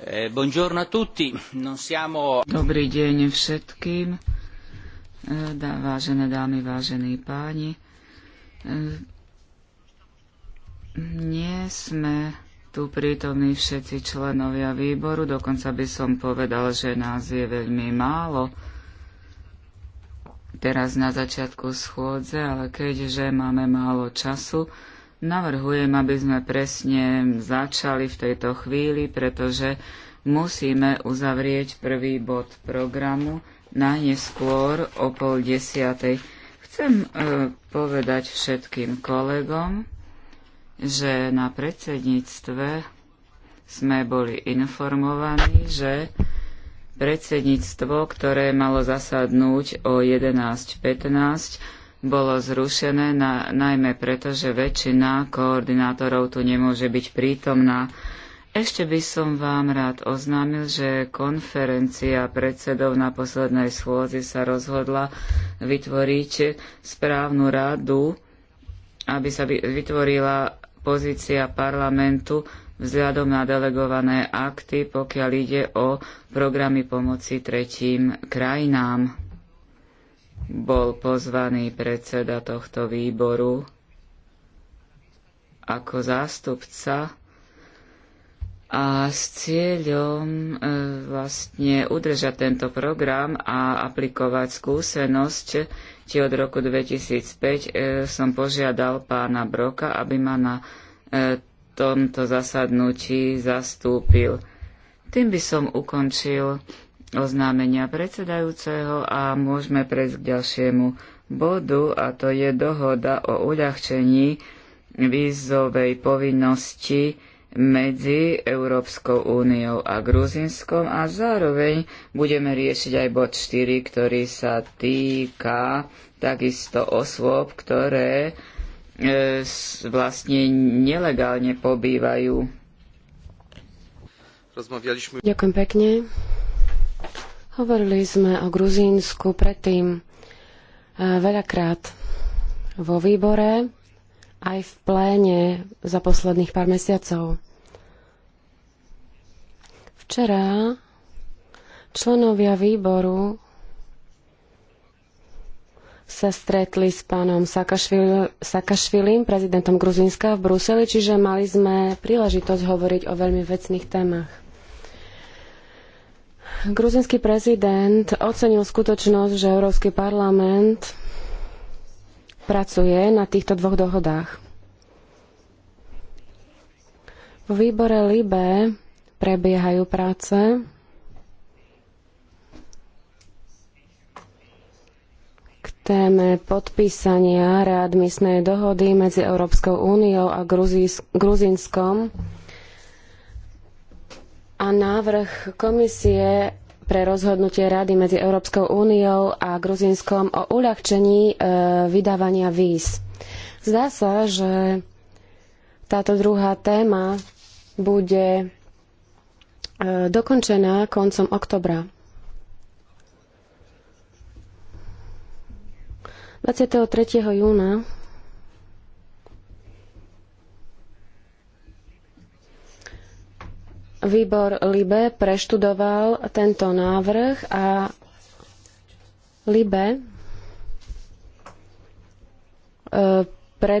Eh, Dobrý deň všetkým, eh, vážené dámy, vážení páni. Eh, nie sme tu prítomní všetci členovia výboru, dokonca by som povedal, že nás je veľmi málo. Teraz na začiatku schôdze, ale keďže máme málo času, Navrhujem, aby sme presne začali v tejto chvíli, pretože musíme uzavrieť prvý bod programu neskôr o pol desiatej. Chcem e, povedať všetkým kolegom, že na predsedníctve sme boli informovaní, že predsedníctvo, ktoré malo zasadnúť o 11.15, bolo zrušené, na, najmä preto, že väčšina koordinátorov tu nemôže byť prítomná. Ešte by som vám rád oznámil, že konferencia predsedov na poslednej schôdzi sa rozhodla vytvoriť správnu radu, aby sa vytvorila pozícia parlamentu vzhľadom na delegované akty, pokiaľ ide o programy pomoci tretím krajinám bol pozvaný predseda tohto výboru ako zástupca a s cieľom e, vlastne udržať tento program a aplikovať skúsenosť, či od roku 2005 e, som požiadal pána Broka, aby ma na e, tomto zasadnutí zastúpil. Tým by som ukončil oznámenia predsedajúceho a môžeme prejsť k ďalšiemu bodu a to je dohoda o uľahčení vízovej povinnosti medzi Európskou úniou a Gruzinskom a zároveň budeme riešiť aj bod 4, ktorý sa týka takisto osôb, ktoré e, vlastne nelegálne pobývajú. Rozmawialiśmy... Ďakujem pekne. Hovorili sme o Gruzínsku predtým e, veľakrát vo výbore, aj v pléne za posledných pár mesiacov. Včera členovia výboru sa stretli s pánom Sakašvilim, prezidentom Gruzínska v Bruseli, čiže mali sme príležitosť hovoriť o veľmi vecných témach. Gruzinský prezident ocenil skutočnosť, že Európsky parlament pracuje na týchto dvoch dohodách. Vo výbore LIBE prebiehajú práce k téme podpísania readmisnej dohody medzi Európskou úniou a Gruzínskom a návrh komisie pre rozhodnutie Rady medzi Európskou úniou a Gruzínskom o uľahčení e, vydávania víz. Zdá sa, že táto druhá téma bude e, dokončená koncom oktobra. 23. júna Výbor LIBE preštudoval tento návrh a LIBE e,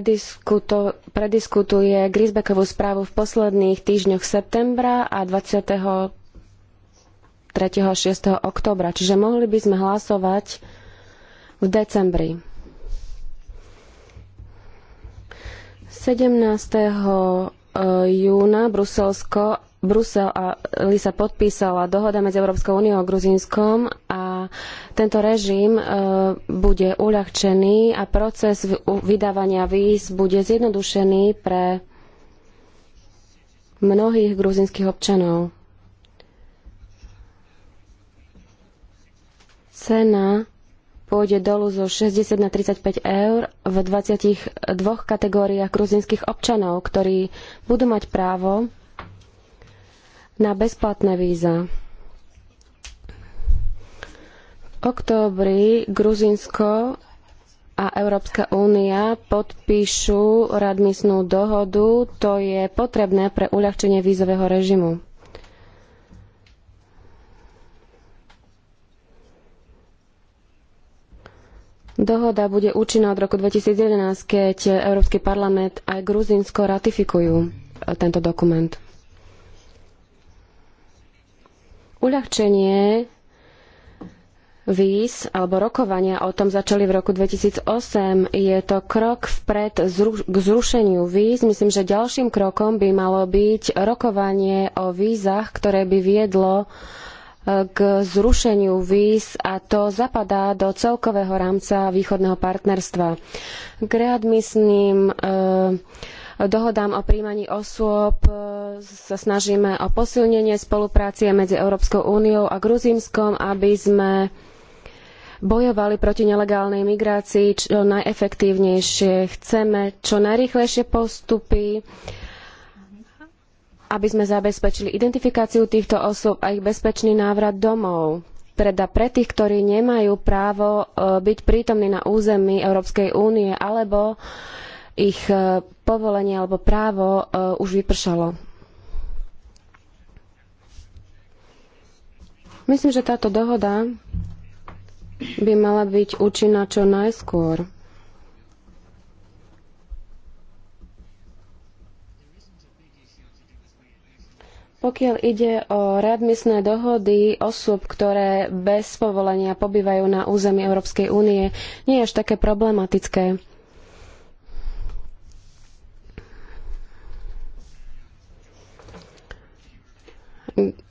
prediskutuje Grisbeckovú správu v posledných týždňoch septembra a 23. a 6. októbra. Čiže mohli by sme hlasovať v decembri. 17 júna Bruselsko, Brusel a Lisa podpísala dohoda medzi Európskou úniou a Gruzínskom a tento režim e, bude uľahčený a proces vydávania víz bude zjednodušený pre mnohých gruzínskych občanov. Cena pôjde dolu zo 60 na 35 eur v 22 kategóriách gruzinských občanov, ktorí budú mať právo na bezplatné víza. V októbri Gruzinsko a Európska únia podpíšu radmisnú dohodu, to je potrebné pre uľahčenie vízového režimu. Dohoda bude účinná od roku 2011, keď Európsky parlament aj Gruzínsko ratifikujú e, tento dokument. Uľahčenie víz alebo rokovania o tom začali v roku 2008. Je to krok vpred k zrušeniu víz. Myslím, že ďalším krokom by malo byť rokovanie o vízach, ktoré by viedlo uh, k zrušeniu víz a to zapadá do celkového rámca východného partnerstva. K readmisným eh, dohodám o príjmaní osôb eh, sa snažíme o posilnenie spolupráce medzi Európskou úniou a Gruzínskom, aby sme bojovali proti nelegálnej migrácii čo najefektívnejšie. Chceme čo najrýchlejšie postupy, aby sme zabezpečili identifikáciu týchto osôb a ich bezpečný návrat domov. teda pre tých, ktorí nemajú právo e, byť prítomní na území Európskej únie alebo ich e, povolenie alebo právo e, už vypršalo. Myslím, že táto dohoda by mala byť účinná čo najskôr. Pokiaľ ide o readmisné dohody osôb, ktoré bez povolenia pobývajú na území Európskej únie, nie je až také problematické.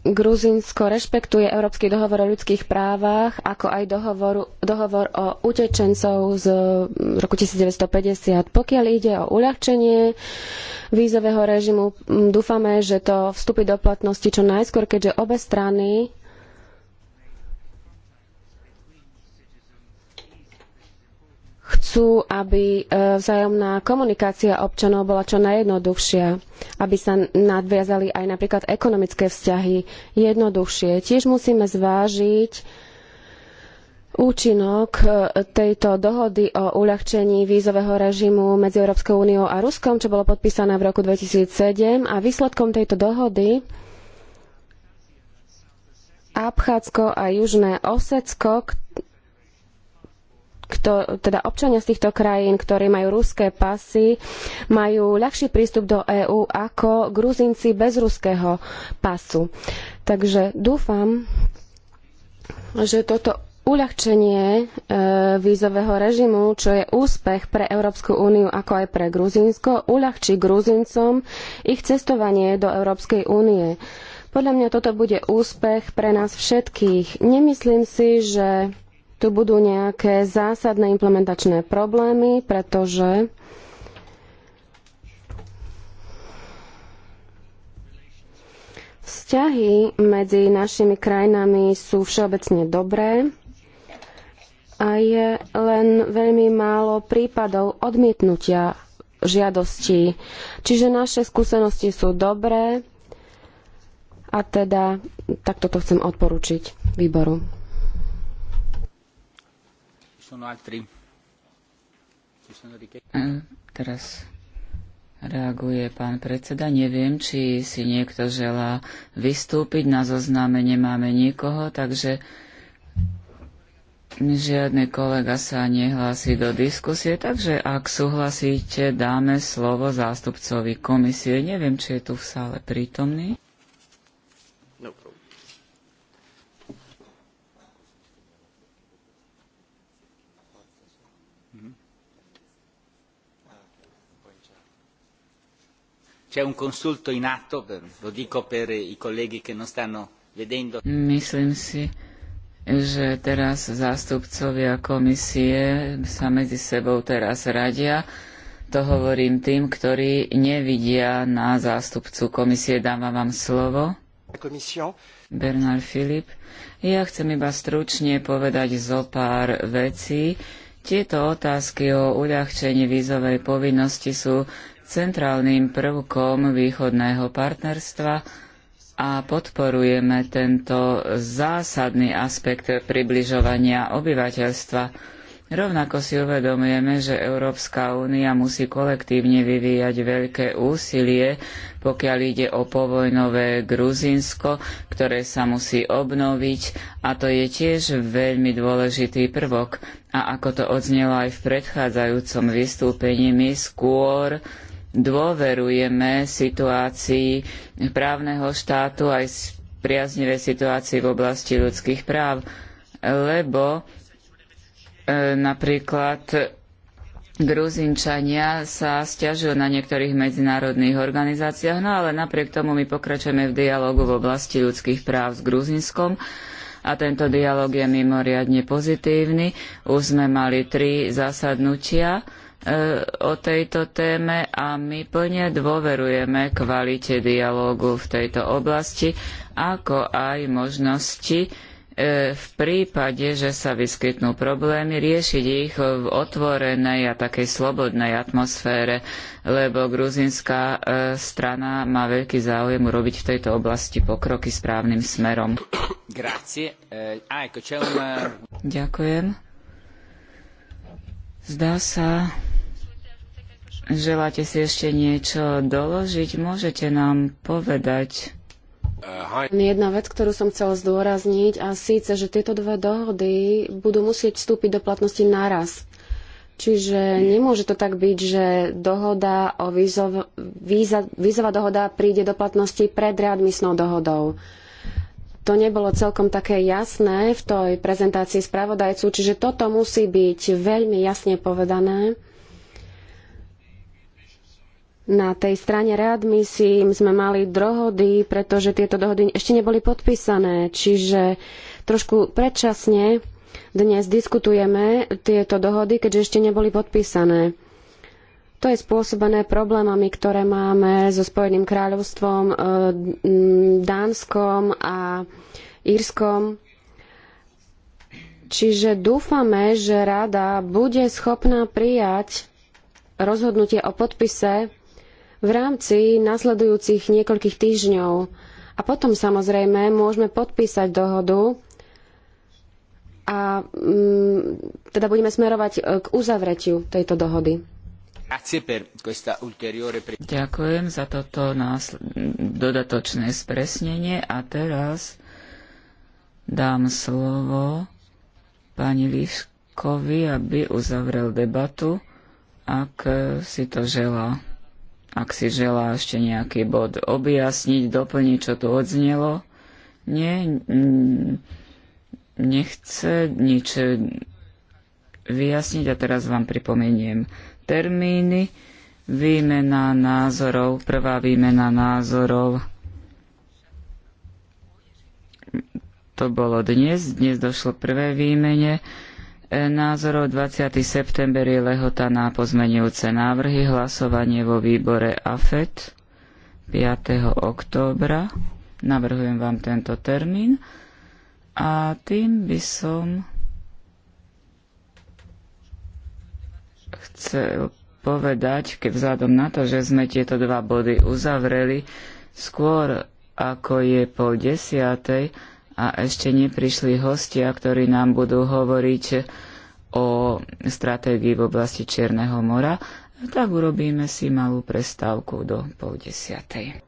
Gruzínsko rešpektuje Európsky dohovor o ľudských právach, ako aj dohovor, dohovor o utečencov z e, roku 1950. Pokiaľ ide o uľahčenie vízového režimu, dúfame, že to vstúpi do platnosti čo najskôr, keďže obe strany chcú, aby e, vzájomná komunikácia občanov bola čo najjednoduchšia, aby sa nadviazali aj napríklad ekonomické vzťahy jednoduchšie. Tiež musíme zvážiť účinok e, tejto dohody o uľahčení vízového režimu medzi Európskou úniou a Ruskom, čo bolo podpísané v roku 2007 a výsledkom tejto dohody Abchádzko a Južné Osecko, kto, teda občania z týchto krajín, ktorí majú ruské pasy, majú ľahší prístup do EÚ ako Gruzinci bez ruského pasu. Takže dúfam, že toto uľahčenie e, vízového režimu, čo je úspech pre Európsku úniu ako aj pre Gruzínsko, uľahčí Gruzincom ich cestovanie do Európskej únie. Podľa mňa toto bude úspech pre nás všetkých. Nemyslím si, že tu budú nejaké zásadné implementačné problémy, pretože Vzťahy medzi našimi krajinami sú všeobecne dobré a je len veľmi málo prípadov odmietnutia žiadostí. Čiže naše skúsenosti sú dobré a teda takto to chcem odporučiť výboru. Teraz reaguje pán predseda. Neviem, či si niekto želá vystúpiť. Na zozname nemáme nikoho, takže žiadny kolega sa nehlási do diskusie. Takže ak súhlasíte, dáme slovo zástupcovi komisie. Neviem, či je tu v sále prítomný. C'è un consulto in atto, lo dico per i colleghi che non stanno vedendo. Myslím si, že teraz zástupcovia komisie sa medzi sebou teraz radia. To hovorím tým, ktorí nevidia na zástupcu komisie. Dávam vám slovo. Komisión. Bernard Filip. Ja chcem iba stručne povedať zo pár vecí. Tieto otázky o uľahčení vízovej povinnosti sú centrálnym prvkom východného partnerstva a podporujeme tento zásadný aspekt približovania obyvateľstva. Rovnako si uvedomujeme, že Európska únia musí kolektívne vyvíjať veľké úsilie, pokiaľ ide o povojnové Gruzinsko, ktoré sa musí obnoviť a to je tiež veľmi dôležitý prvok. A ako to odznelo aj v predchádzajúcom vystúpení, my skôr dôverujeme situácii právneho štátu aj priaznivej situácii v oblasti ľudských práv, lebo e, napríklad Gruzinčania sa stiažujú na niektorých medzinárodných organizáciách, no ale napriek tomu my pokračujeme v dialogu v oblasti ľudských práv s Gruzinskom a tento dialog je mimoriadne pozitívny. Už sme mali tri zasadnutia E, o tejto téme a my plne dôverujeme kvalite dialógu v tejto oblasti, ako aj možnosti e, v prípade, že sa vyskytnú problémy, riešiť ich v otvorenej a takej slobodnej atmosfére, lebo gruzinská e, strana má veľký záujem urobiť v tejto oblasti pokroky správnym smerom. Ah, Ďakujem. Zdá sa, želáte si ešte niečo doložiť? Môžete nám povedať? Uh, jedna vec, ktorú som chcela zdôrazniť, a síce, že tieto dve dohody budú musieť vstúpiť do platnosti naraz. Čiže nemôže to tak byť, že dohoda o vízov, víza, vízová dohoda príde do platnosti pred readmisnou dohodou to nebolo celkom také jasné v tej prezentácii spravodajcu, čiže toto musí byť veľmi jasne povedané. Na tej strane readmisí sme mali dohody, pretože tieto dohody ešte neboli podpísané, čiže trošku predčasne dnes diskutujeme tieto dohody, keďže ešte neboli podpísané. To je spôsobené problémami, ktoré máme so Spojeným kráľovstvom, e, Dánskom a Írskom. Čiže dúfame, že rada bude schopná prijať rozhodnutie o podpise v rámci nasledujúcich niekoľkých týždňov. A potom samozrejme môžeme podpísať dohodu a teda budeme smerovať e, k uzavretiu tejto dohody. Ďakujem za toto dodatočné spresnenie a teraz dám slovo pani Liškovi, aby uzavrel debatu, ak si to želá. Ak si želá ešte nejaký bod objasniť, doplniť, čo tu odznelo. Nie, nechce nič vyjasniť a teraz vám pripomeniem termíny. Výmena názorov, prvá výmena názorov. To bolo dnes, dnes došlo prvé výmene e, názorov. 20. september je lehota na pozmenujúce návrhy, hlasovanie vo výbore AFET 5. októbra. Navrhujem vám tento termín. A tým by som chcel povedať, keď vzhľadom na to, že sme tieto dva body uzavreli, skôr ako je po desiatej a ešte neprišli hostia, ktorí nám budú hovoriť o stratégii v oblasti Čierneho mora, tak urobíme si malú prestávku do pol desiatej.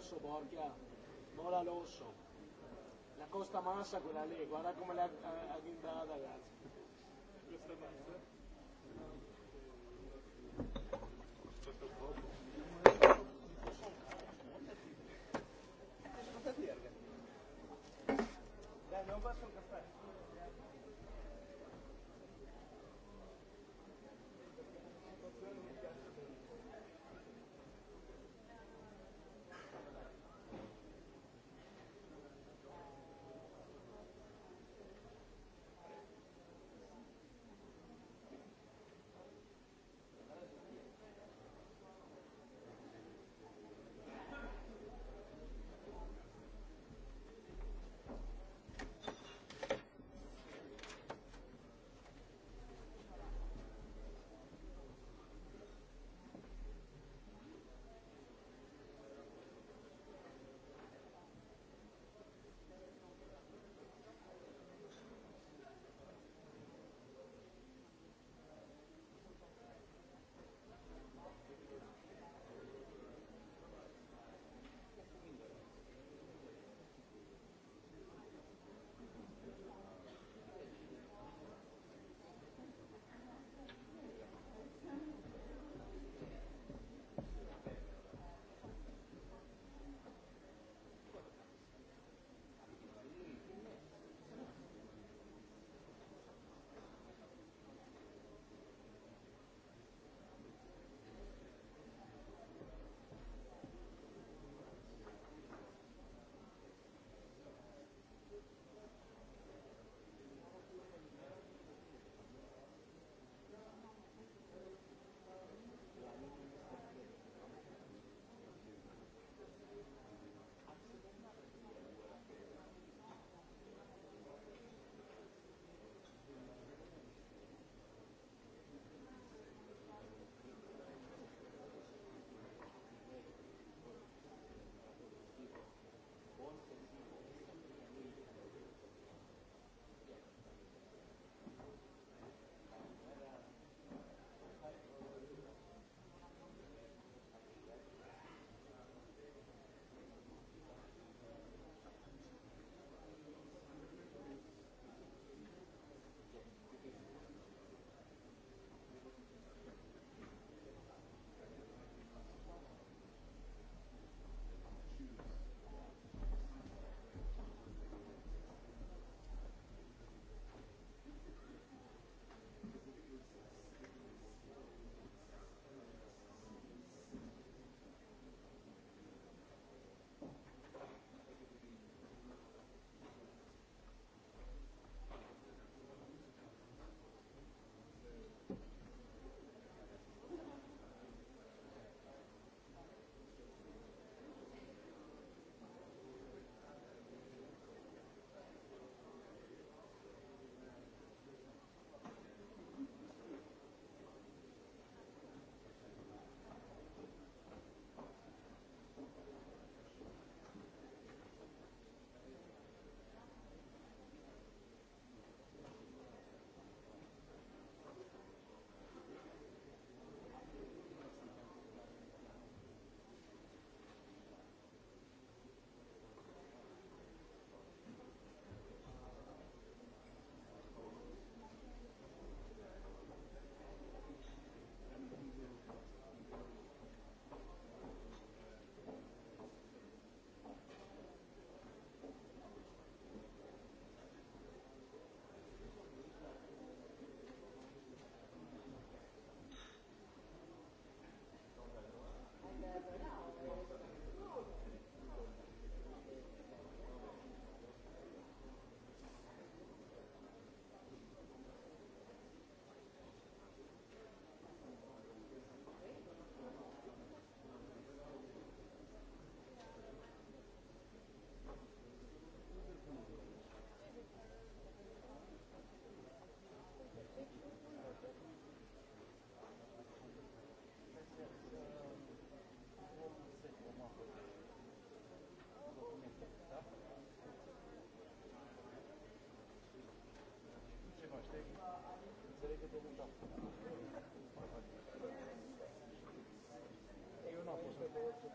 all'osso, porca. Ah, Mola l'oso. La costa massa quella lì, guarda come l'ha agghindata, ragazzi. Questa massa.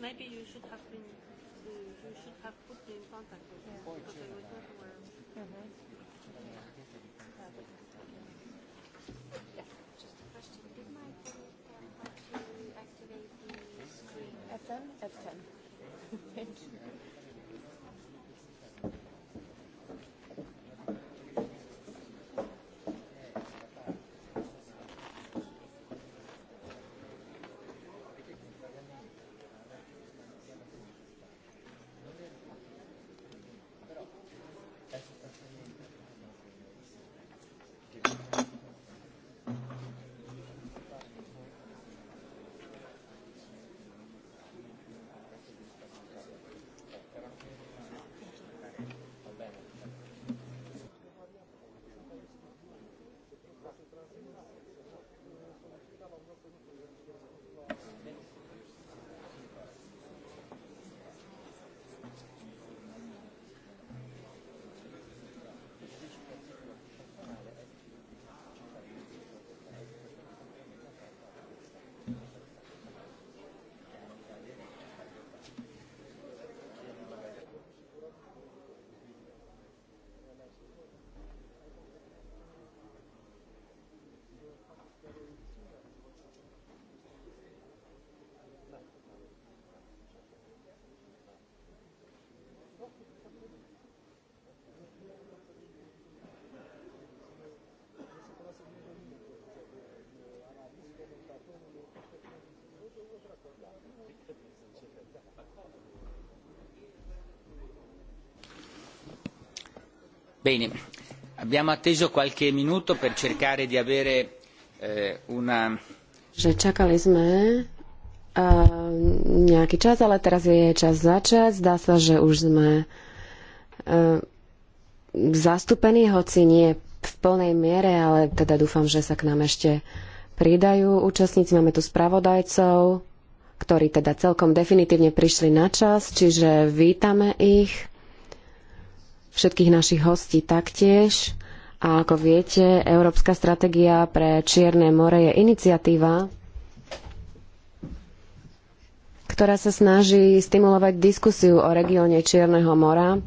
Maybe you should have been, uh, you should have put me in contact with him yeah. because I was not aware. Mm-hmm. Yeah. Just a question. Did my colleague uh, to the screen? F10? F10. Thank you. Bene, abbiamo atteso qualche minuto per cercare di avere eh, una... Že čakali sme nejaký čas, ale teraz je čas začať. Zdá sa, že už sme e, zastúpení, hoci nie v plnej miere, ale teda dúfam, že sa k nám ešte pridajú účastníci. Máme tu spravodajcov, ktorí teda celkom definitívne prišli na čas, čiže vítame ich všetkých našich hostí taktiež. A ako viete, Európska stratégia pre Čierne more je iniciatíva, ktorá sa snaží stimulovať diskusiu o regióne Čierneho mora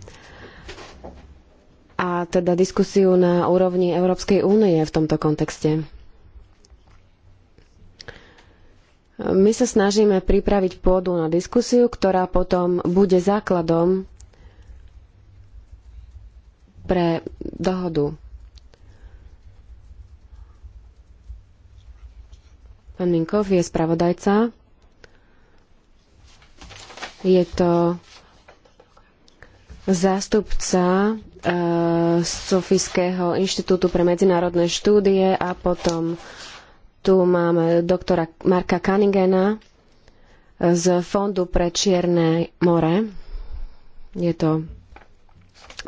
a teda diskusiu na úrovni Európskej únie v tomto kontexte. My sa snažíme pripraviť pôdu na diskusiu, ktorá potom bude základom pre dohodu. Pán Minkov je spravodajca. Je to zástupca z e, Sofijského inštitútu pre medzinárodné štúdie a potom tu máme doktora Marka Kaningena z Fondu pre Čierne more. Je to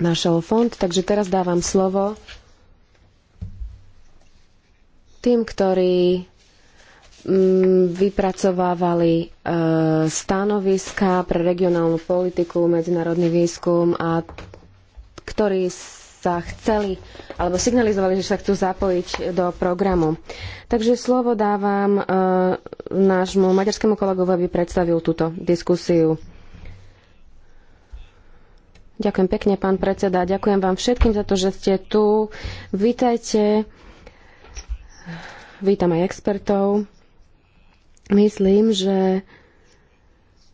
našiel fond. Takže teraz dávam slovo tým, ktorí mm, vypracovávali e, stanoviska pre regionálnu politiku, medzinárodný výskum a ktorí sa chceli alebo signalizovali, že sa chcú zapojiť do programu. Takže slovo dávam e, nášmu maďarskému kolegovi, aby predstavil túto diskusiu. Ďakujem pekne, pán predseda. Ďakujem vám všetkým za to, že ste tu. Vítajte. Vítam aj expertov. Myslím, že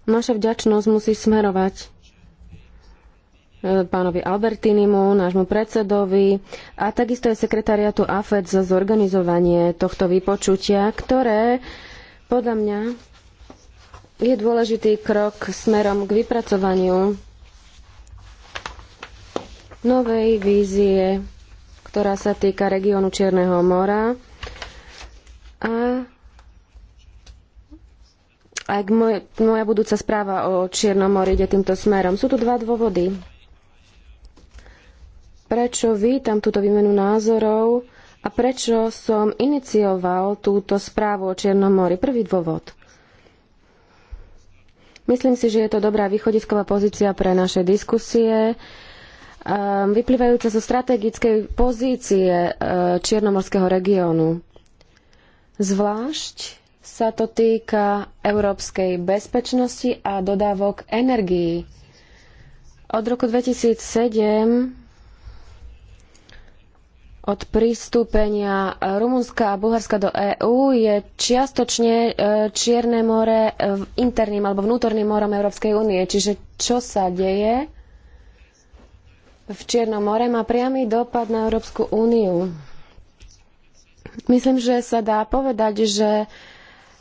naša vďačnosť musí smerovať e, pánovi Albertinimu, nášmu predsedovi a takisto aj sekretariatu AFED za zorganizovanie tohto vypočutia, ktoré podľa mňa je dôležitý krok smerom k vypracovaniu novej vízie, ktorá sa týka regiónu Čierneho mora a aj moj, moja budúca správa o Čiernom mori ide týmto smerom. Sú tu dva dôvody. Prečo vítam túto výmenu názorov a prečo som inicioval túto správu o Čiernom mori? Prvý dôvod. Myslím si, že je to dobrá východisková pozícia pre naše diskusie Ehm, vyplývajúce zo strategickej pozície e, Čiernomorského regiónu. Zvlášť sa to týka európskej bezpečnosti a dodávok energií. Od roku 2007 od pristúpenia Rumunska a Bulharska do EÚ je čiastočne e, Čierne more interným alebo vnútorným morom Európskej únie. Čiže čo sa deje? v Čiernom more má priamy dopad na Európsku úniu. Myslím, že sa dá povedať, že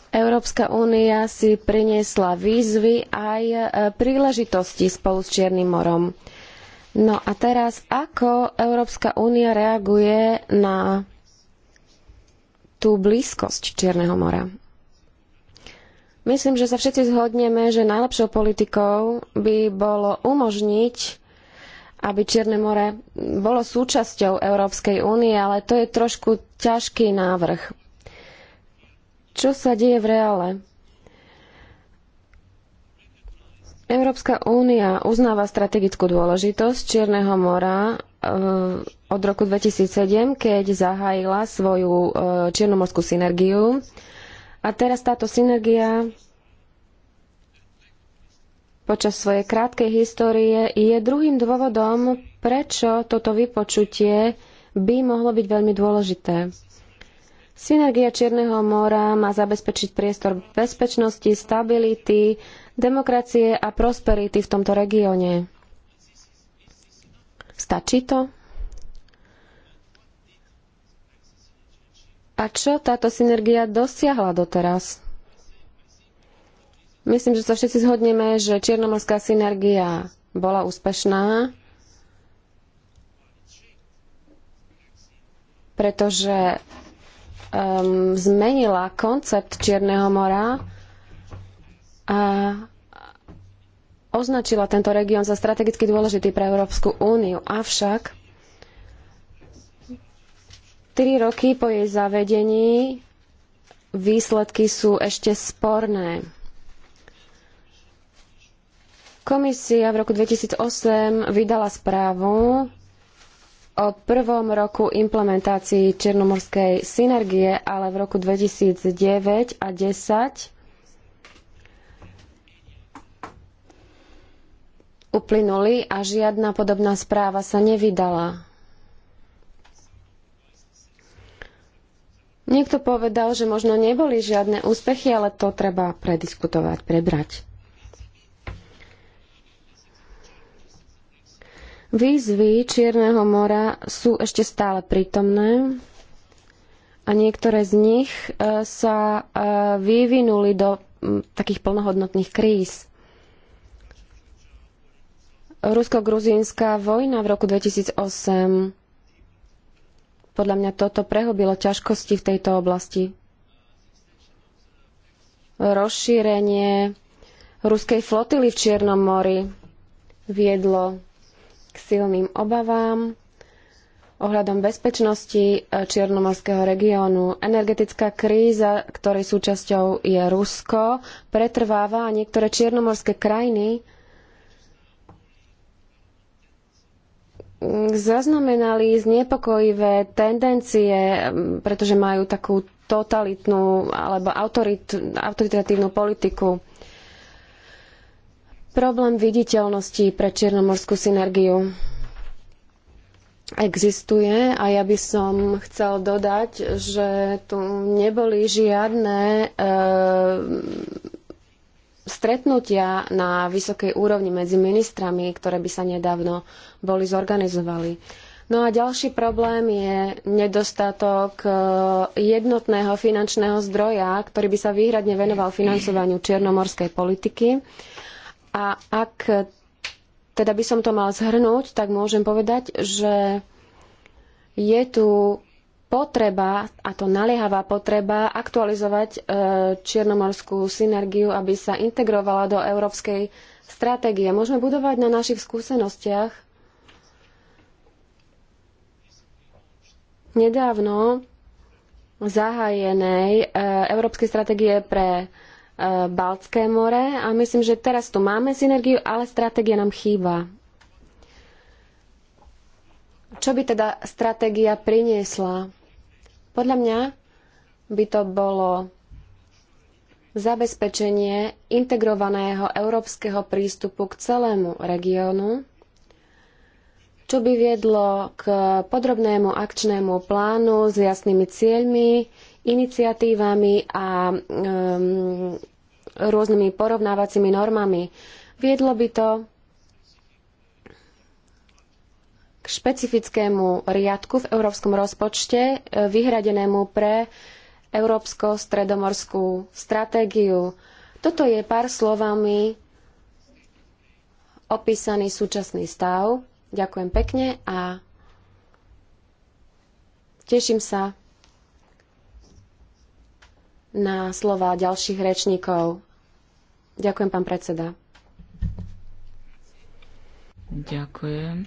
Európska únia si priniesla výzvy aj e, príležitosti spolu s Čiernym morom. No a teraz, ako Európska únia reaguje na tú blízkosť Čierneho mora? Myslím, že sa všetci zhodneme, že najlepšou politikou by bolo umožniť aby Čierne more bolo súčasťou Európskej únie, ale to je trošku ťažký návrh. Čo sa deje v reále? Európska únia uznáva strategickú dôležitosť Čierneho mora eh, od roku 2007, keď zahájila svoju eh, čiernomorskú synergiu. A teraz táto synergia počas svojej krátkej histórie je druhým dôvodom, prečo toto vypočutie by mohlo byť veľmi dôležité. Synergia Čierneho mora má zabezpečiť priestor bezpečnosti, stability, demokracie a prosperity v tomto regióne. Stačí to? A čo táto synergia dosiahla doteraz? Myslím, že sa všetci zhodneme, že čiernomorská synergia bola úspešná, pretože um, zmenila koncept Čierneho mora a označila tento región za strategicky dôležitý pre Európsku úniu. Avšak 3 roky po jej zavedení výsledky sú ešte sporné. Komisia v roku 2008 vydala správu o prvom roku implementácii Černomorskej synergie, ale v roku 2009 a 10 uplynuli a žiadna podobná správa sa nevydala. Niekto povedal, že možno neboli žiadne úspechy, ale to treba prediskutovať, prebrať. Výzvy Čierneho mora sú ešte stále prítomné a niektoré z nich e, sa e, vyvinuli do takých plnohodnotných kríz. Rusko-gruzínska vojna v roku 2008 podľa mňa toto prehobilo ťažkosti v tejto oblasti. Rozšírenie ruskej flotily v Čiernom mori viedlo silným obavám ohľadom bezpečnosti e, Čiernomorského regiónu. Energetická kríza, ktorej súčasťou je Rusko, pretrváva a niektoré čiernomorské krajiny zaznamenali znepokojivé tendencie, pretože majú takú totalitnú alebo autoritatívnu politiku. Problém viditeľnosti pre Čiernomorskú synergiu existuje a ja by som chcel dodať, že tu neboli žiadne e, stretnutia na vysokej úrovni medzi ministrami, ktoré by sa nedávno boli zorganizovali. No a ďalší problém je nedostatok eh, jednotného finančného zdroja, ktorý by sa výhradne venoval financovaniu čiernomorskej politiky. E, a ak teda by som to mal zhrnúť, tak môžem povedať, že je tu potreba, a to naliehavá potreba, aktualizovať e, čiernomorskú synergiu, aby sa integrovala do európskej stratégie. Môžeme budovať na našich skúsenostiach. Nedávno zahájenej e, Európskej stratégie pre Baltské more a myslím, že teraz tu máme synergiu, ale stratégia nám chýba. Čo by teda stratégia priniesla? Podľa mňa by to bolo zabezpečenie integrovaného európskeho prístupu k celému regiónu, čo by viedlo k podrobnému akčnému plánu s jasnými cieľmi, iniciatívami a um, rôznymi porovnávacími normami. Viedlo by to k špecifickému riadku v európskom rozpočte eh, vyhradenému pre európsko-stredomorskú stratégiu. Toto je pár slovami opísaný súčasný stav. Ďakujem pekne a teším sa na slova ďalších rečníkov. Ďakujem, pán predseda. Ďakujem,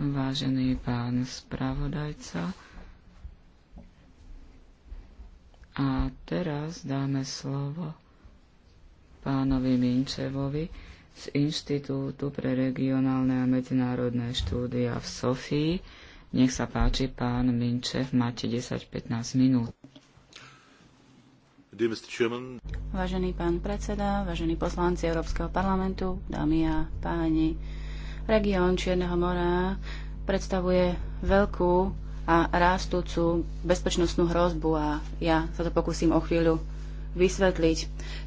vážený pán spravodajca. A teraz dáme slovo pánovi Minčevovi z Inštitútu pre regionálne a medzinárodné štúdia v Sofii. Nech sa páči, pán Minčev, máte 10-15 minút. Vážený pán predseda, vážení poslanci Európskeho parlamentu, dámy a páni, región Čierneho mora predstavuje veľkú a rástúcu bezpečnostnú hrozbu a ja sa to pokúsim o chvíľu vysvetliť.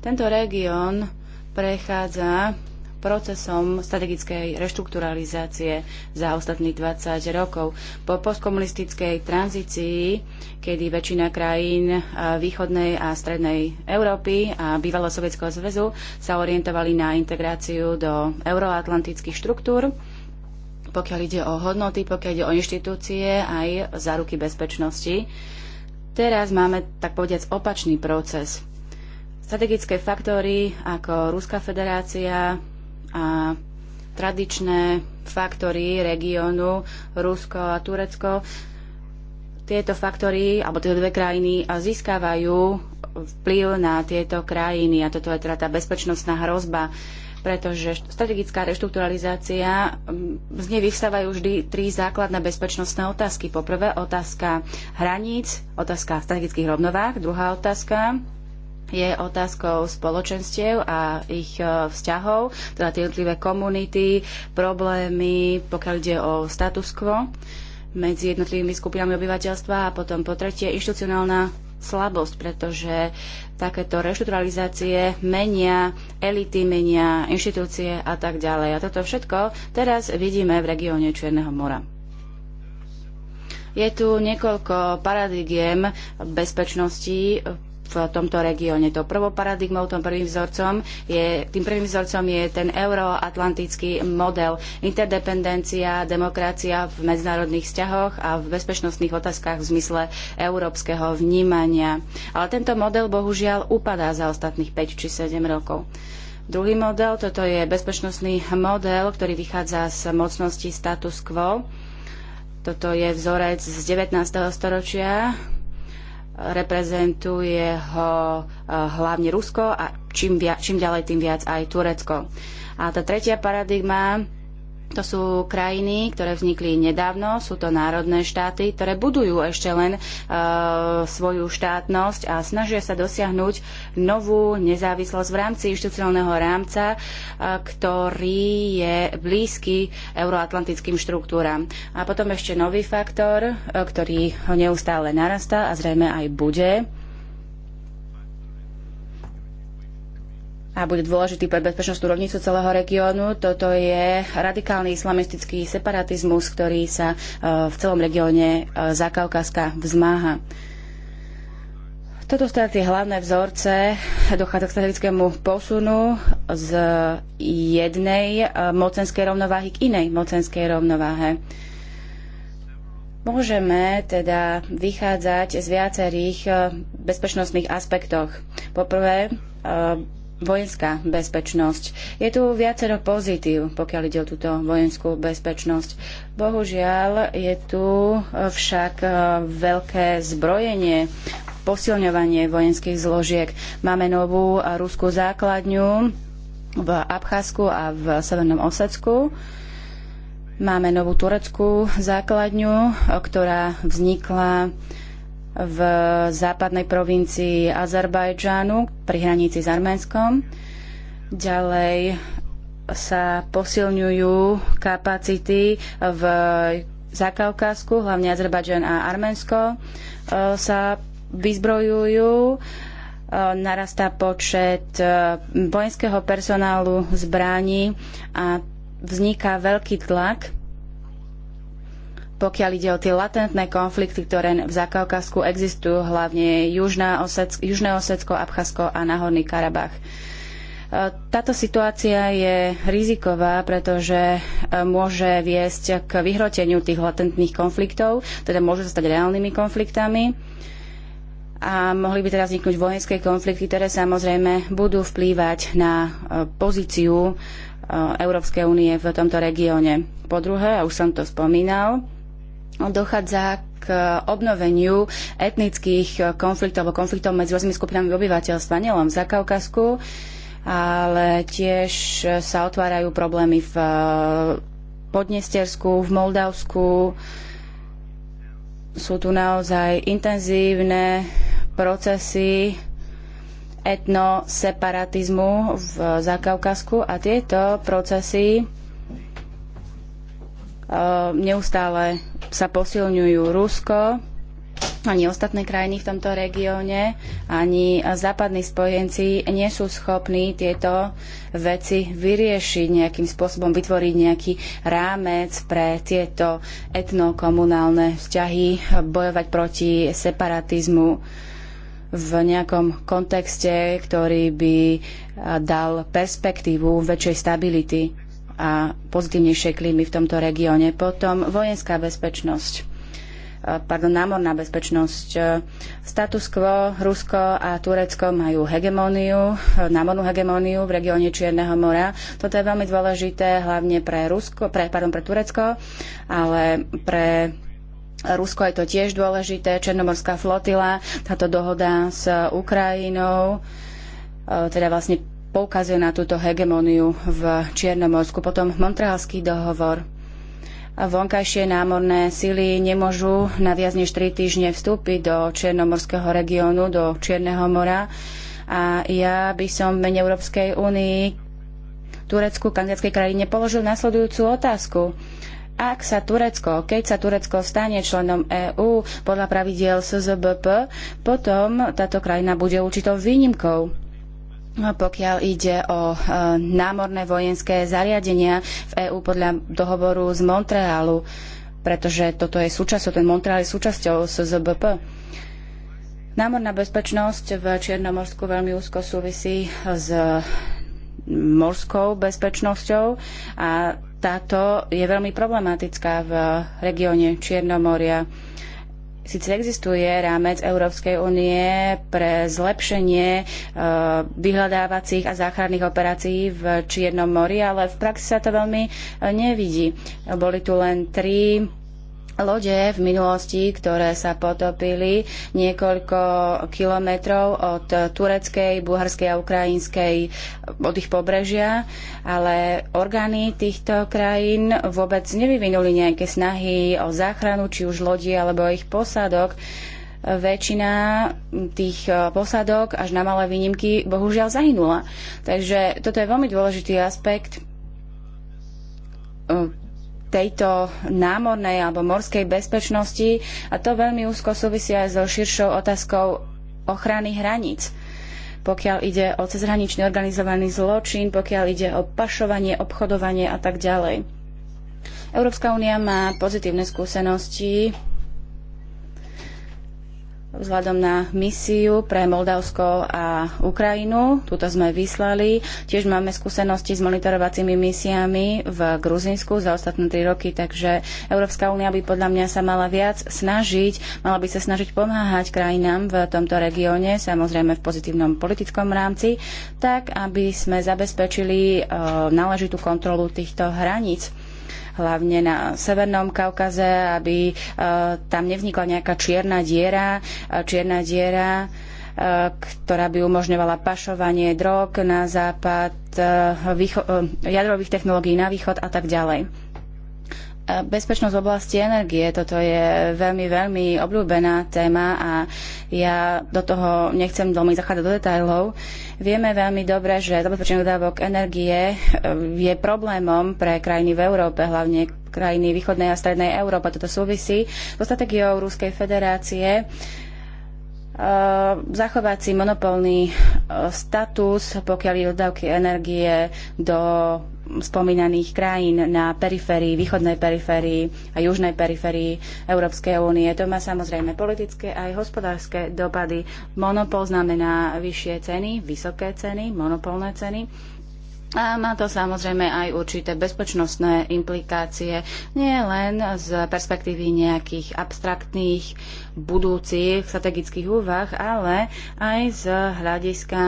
Tento región prechádza procesom strategickej reštrukturalizácie za ostatných 20 rokov. Po postkomunistickej tranzícii, kedy väčšina krajín e, východnej a strednej Európy a bývalého Sovjetského zväzu sa orientovali na integráciu do euroatlantických štruktúr, pokiaľ ide o hodnoty, pokiaľ ide o inštitúcie, aj záruky bezpečnosti. Teraz máme, tak povediac, opačný proces. Strategické faktory ako Ruská federácia, a tradičné faktory regiónu Rusko a Turecko. Tieto faktory, alebo tieto dve krajiny získavajú vplyv na tieto krajiny a toto je teda tá bezpečnostná hrozba, pretože strategická reštrukturalizácia, z nej vyvstávajú vždy tri základné bezpečnostné otázky. Poprvé otázka hraníc, otázka strategických rovnovách, druhá otázka je otázkou spoločenstiev a ich e, vzťahov, teda tie jednotlivé komunity, problémy, pokiaľ ide o status quo medzi jednotlivými skupinami obyvateľstva a potom po tretie inštitucionálna slabosť, pretože takéto reštrukturalizácie menia elity, menia inštitúcie a tak ďalej. A toto všetko teraz vidíme v regióne Čierneho mora. Je tu niekoľko paradigiem bezpečnosti v tomto regióne. To prvou paradigmou, tom prvým vzorcom je, tým prvým vzorcom je ten euroatlantický model interdependencia, demokracia v medzinárodných vzťahoch a v bezpečnostných otázkach v zmysle európskeho vnímania. Ale tento model bohužiaľ upadá za ostatných 5 či 7 rokov. Druhý model, toto je bezpečnostný model, ktorý vychádza z mocnosti status quo. Toto je vzorec z 19. storočia, reprezentuje ho e, hlavne Rusko a čím, via, čím ďalej, tým viac aj Turecko. A tá tretia paradigma to sú krajiny, ktoré vznikli nedávno, sú to národné štáty, ktoré budujú ešte len e, svoju štátnosť a snažia sa dosiahnuť novú nezávislosť v rámci inštitucionálneho rámca, e, ktorý je blízky euroatlantickým štruktúram. A potom ešte nový faktor, e, ktorý neustále narastá a zrejme aj bude a bude dôležitý pre bezpečnostnú rovnicu celého regiónu. Toto je radikálny islamistický separatizmus, ktorý sa e, v celom regióne e, Zakaukaska vzmáha. Toto sú teda tie hlavné vzorce. Dochádza k strategickému posunu z jednej e, mocenskej rovnováhy k inej mocenskej rovnováhe. Môžeme teda vychádzať z viacerých bezpečnostných aspektoch. Poprvé, vojenská bezpečnosť. Je tu viacero pozitív, pokiaľ ide o túto vojenskú bezpečnosť. Bohužiaľ je tu e, však e, veľké zbrojenie, posilňovanie vojenských zložiek. Máme novú ruskú základňu v Abcházsku a v Severnom Osecku. Máme novú tureckú základňu, e, ktorá vznikla v západnej provincii Azerbajdžánu pri hranici s Arménskom. Ďalej sa posilňujú kapacity v Zakaukásku, hlavne Azerbajdžan a Arménsko e, sa vyzbrojujú. E, narastá počet e, vojenského personálu, zbraní a vzniká veľký tlak pokiaľ ide o tie latentné konflikty, ktoré v Zakaukasku existujú, hlavne Južná Južné Osecko, Abchazsko a Náhorný Karabach. E, táto situácia je riziková, pretože e, môže viesť k vyhroteniu tých latentných konfliktov, teda môžu sa stať reálnymi konfliktami a mohli by teraz vzniknúť vojenské konflikty, ktoré samozrejme budú vplývať na e, pozíciu Európskej únie v tomto regióne. Po druhé, a už som to spomínal, dochádza k obnoveniu etnických konfliktov alebo konfliktov medzi rôznymi skupinami obyvateľstva, nielen v Zakaukasku, ale tiež sa otvárajú problémy v Podnestersku, v Moldavsku. Sú tu naozaj intenzívne procesy etnoseparatizmu v Zakaukasku a tieto procesy Ehm, neustále sa posilňujú Rusko, ani ostatné krajiny v tomto regióne, ani západní spojenci nie sú schopní tieto veci vyriešiť nejakým spôsobom, vytvoriť nejaký rámec pre tieto etnokomunálne vzťahy, bojovať proti separatizmu v nejakom kontexte, ktorý by dal perspektívu väčšej stability a pozitívnejšej klímy v tomto regióne. Potom vojenská bezpečnosť pardon, námorná bezpečnosť. Status quo Rusko a Turecko majú hegemóniu, námornú hegemóniu v regióne Čierneho mora. Toto je veľmi dôležité hlavne pre, Rusko, pre, pardon, pre Turecko, ale pre Rusko je to tiež dôležité. Černomorská flotila, táto dohoda s Ukrajinou, teda vlastne poukazuje na túto hegemóniu v Čiernomorsku. Potom Montrealský dohovor. Vonkajšie námorné sily nemôžu na viac než 3 týždne vstúpiť do Čiernomorského regiónu, do Čierneho mora. A ja by som v mene Európskej únii Turecku, kandidátskej krajine, položil nasledujúcu otázku. Ak sa Turecko, keď sa Turecko stane členom EÚ podľa pravidiel SZBP, potom táto krajina bude určitou výnimkou No pokiaľ ide o e, námorné vojenské zariadenia v EÚ podľa dohovoru z Montrealu, pretože toto je súčasťou, ten Montreal je súčasťou SZBP. Námorná bezpečnosť v Čiernomorsku veľmi úzko súvisí s morskou bezpečnosťou a táto je veľmi problematická v regióne Čiernomoria síce existuje rámec Európskej únie pre zlepšenie e, vyhľadávacích a záchranných operácií v Čiernom mori, ale v praxi sa to veľmi e, nevidí. Boli tu len tri lode v minulosti, ktoré sa potopili niekoľko kilometrov od tureckej, bulharskej a ukrajinskej, od ich pobrežia, ale orgány týchto krajín vôbec nevyvinuli nejaké snahy o záchranu či už lodí alebo ich posádok. Väčšina tých e, posádok až na malé výnimky bohužiaľ zahynula. Takže toto je veľmi dôležitý aspekt e, tejto námornej alebo morskej bezpečnosti a to veľmi úzko súvisí aj so širšou otázkou ochrany hraníc. Pokiaľ ide o cezhraničný organizovaný zločin, pokiaľ ide o pašovanie, obchodovanie a tak ďalej. Európska únia má pozitívne skúsenosti vzhľadom na misiu pre Moldavsko a Ukrajinu. Tuto sme vyslali. Tiež máme skúsenosti s monitorovacími misiami v Gruzinsku za ostatné tri roky, takže Európska únia by podľa mňa sa mala viac snažiť, mala by sa snažiť pomáhať krajinám v tomto regióne, samozrejme v pozitívnom politickom rámci, tak aby sme zabezpečili e, náležitú kontrolu týchto hraníc hlavne na Severnom Kaukaze, aby e, tam nevznikla nejaká čierna diera, e, čierna diera, e, ktorá by umožňovala pašovanie drog na západ, jadrových technológií na východ a tak ďalej. Bezpečnosť v oblasti energie, toto je veľmi, veľmi obľúbená téma a ja do toho nechcem veľmi zachádzať do detajlov. Vieme veľmi dobre, že zabezpečenie dodávok energie um, je problémom pre krajiny v Európe, hlavne krajiny východnej a strednej Európy. Toto súvisí so strategiou Ruskej federácie uh, zachovať si monopolný uh, status, pokiaľ je dodávky energie do spomínaných krajín na periférii, východnej periférii a južnej periférii Európskej únie. To má samozrejme politické aj hospodárske dopady. Monopol znamená vyššie ceny, vysoké ceny, monopolné ceny. A má to samozrejme aj určité bezpečnostné implikácie, nie len z perspektívy nejakých abstraktných budúcich strategických úvah, ale aj z hľadiska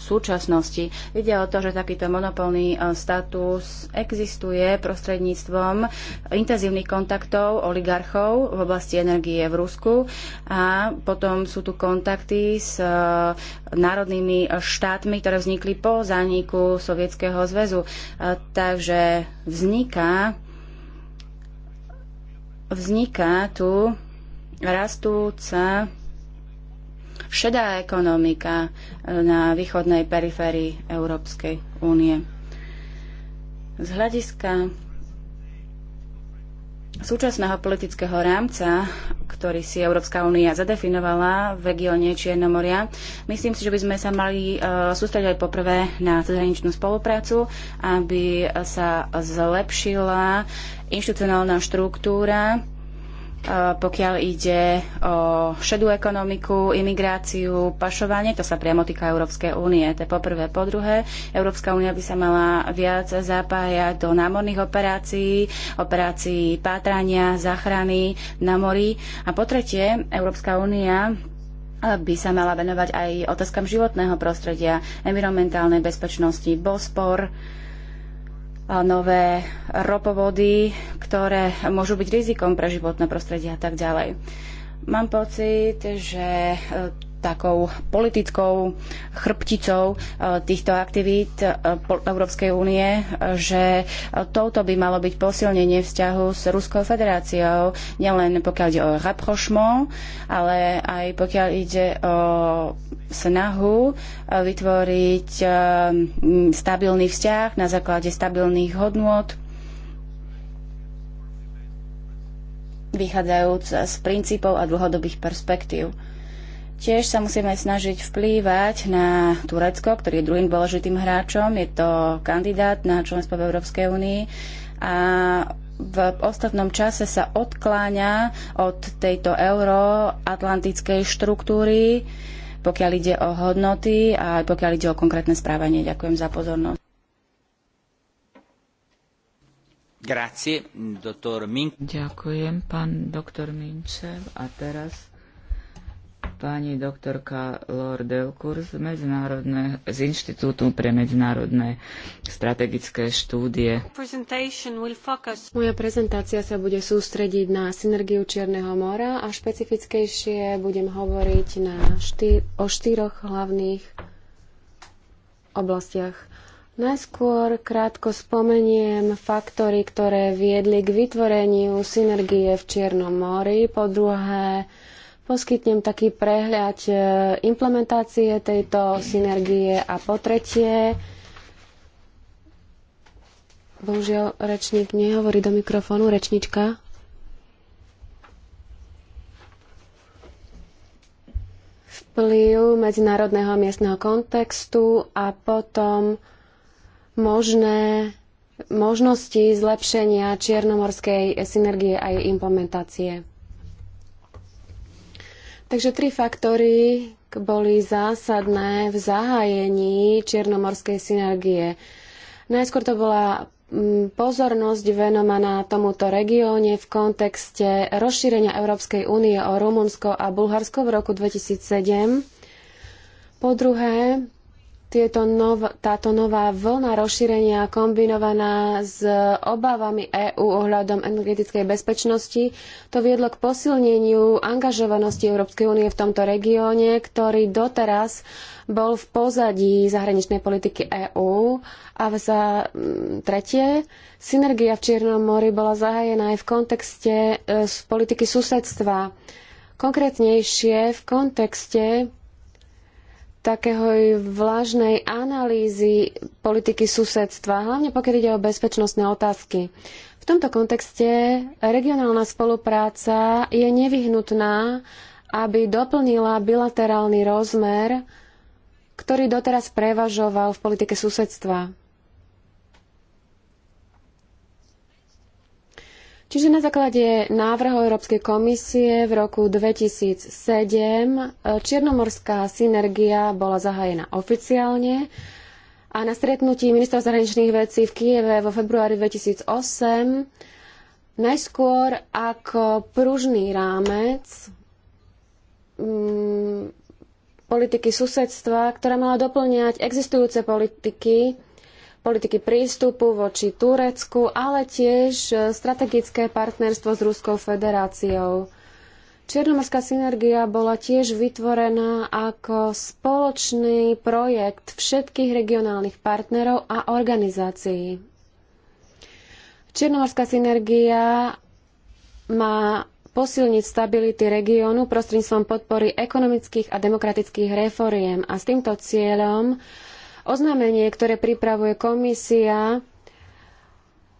v súčasnosti. Ide o to, že takýto monopolný e, status existuje prostredníctvom intenzívnych kontaktov oligarchov v oblasti energie v Rusku a potom sú tu kontakty s e, národnými štátmi, ktoré vznikli po zániku Sovietskeho zväzu. E, takže vzniká vzniká tu rastúca šedá ekonomika e, na východnej periférii Európskej únie. Z hľadiska súčasného politického rámca, ktorý si Európska únia zadefinovala v regióne Čiernomoria, myslím si, že by sme sa mali e, sústrediť poprvé na cezhraničnú spoluprácu, aby sa zlepšila inštitucionálna štruktúra pokiaľ ide o šedú ekonomiku, imigráciu, pašovanie, to sa priamo týka Európskej únie. To je poprvé. Po druhé, Európska únia by sa mala viac zapájať do námorných operácií, operácií pátrania, záchrany na mori. A po tretie, Európska únia by sa mala venovať aj otázkam životného prostredia, environmentálnej bezpečnosti, Bospor, nové ropovody, ktoré môžu byť rizikom pre životné prostredie a tak ďalej. Mám pocit, že e, takou politickou chrbticou eh, týchto aktivít eh, Európskej únie, eh, že touto by malo byť posilnenie vzťahu s Ruskou federáciou, nielen pokiaľ ide o rapprochement, ale aj pokiaľ ide o snahu vytvoriť stabilný vzťah na základe stabilných hodnôt, vychádzajúc z princípov a dlhodobých perspektív. Tiež sa musíme snažiť vplývať na Turecko, ktorý je druhým dôležitým hráčom. Je to kandidát na členstvo v Európskej únii a v ostatnom čase sa odkláňa od tejto euroatlantickej štruktúry, pokiaľ ide o hodnoty a aj pokiaľ ide o konkrétne správanie. Ďakujem za pozornosť. Grazie, Ďakujem, pán doktor Minčev. A teraz pani doktorka Lorde Kurs z, z Inštitútu pre medzinárodné strategické štúdie. Moja prezentácia sa bude sústrediť na synergiu Čierneho mora a špecifickejšie budem hovoriť na štyr, o štyroch hlavných oblastiach. Najskôr krátko spomeniem faktory, ktoré viedli k vytvoreniu synergie v Čiernom mori. Po druhé, poskytnem taký prehľad e, implementácie tejto synergie a po tretie, bohužiaľ rečník nehovorí do mikrofónu, rečnička. Vplyv medzinárodného miestneho kontextu a potom možné možnosti zlepšenia čiernomorskej synergie a jej implementácie. Takže tri faktory boli zásadné v zahájení čiernomorskej synergie. Najskôr to bola mm, pozornosť venovaná tomuto regióne v kontexte rozšírenia Európskej únie o Rumunsko a Bulharsko v roku 2007. Po druhé, tieto nov, táto nová vlna rozšírenia kombinovaná s obavami EÚ ohľadom energetickej bezpečnosti, to viedlo k posilneniu angažovanosti Európskej únie v tomto regióne, ktorý doteraz bol v pozadí zahraničnej politiky EÚ. A za mm, tretie, synergia v Čiernom mori bola zahájená aj v kontexte e, politiky susedstva. Konkrétnejšie v kontexte takého vlážnej analýzy politiky susedstva, hlavne pokiaľ ide o bezpečnostné otázky. V tomto kontexte regionálna spolupráca je nevyhnutná, aby doplnila bilaterálny rozmer, ktorý doteraz prevažoval v politike susedstva. Čiže na základe návrhu Európskej komisie v roku 2007 e, Čiernomorská synergia bola zahájená oficiálne a na stretnutí ministrov zahraničných vecí v Kieve vo februári 2008 najskôr ako pružný rámec mm, politiky susedstva, ktorá mala doplňať existujúce politiky politiky prístupu voči Turecku, ale tiež e, strategické partnerstvo s Ruskou federáciou. Čiernomorská synergia bola tiež vytvorená ako spoločný projekt všetkých regionálnych partnerov a organizácií. Čiernomorská synergia má posilniť stability regiónu prostredníctvom podpory ekonomických a demokratických reforiem a s týmto cieľom Oznámenie, ktoré pripravuje komisia,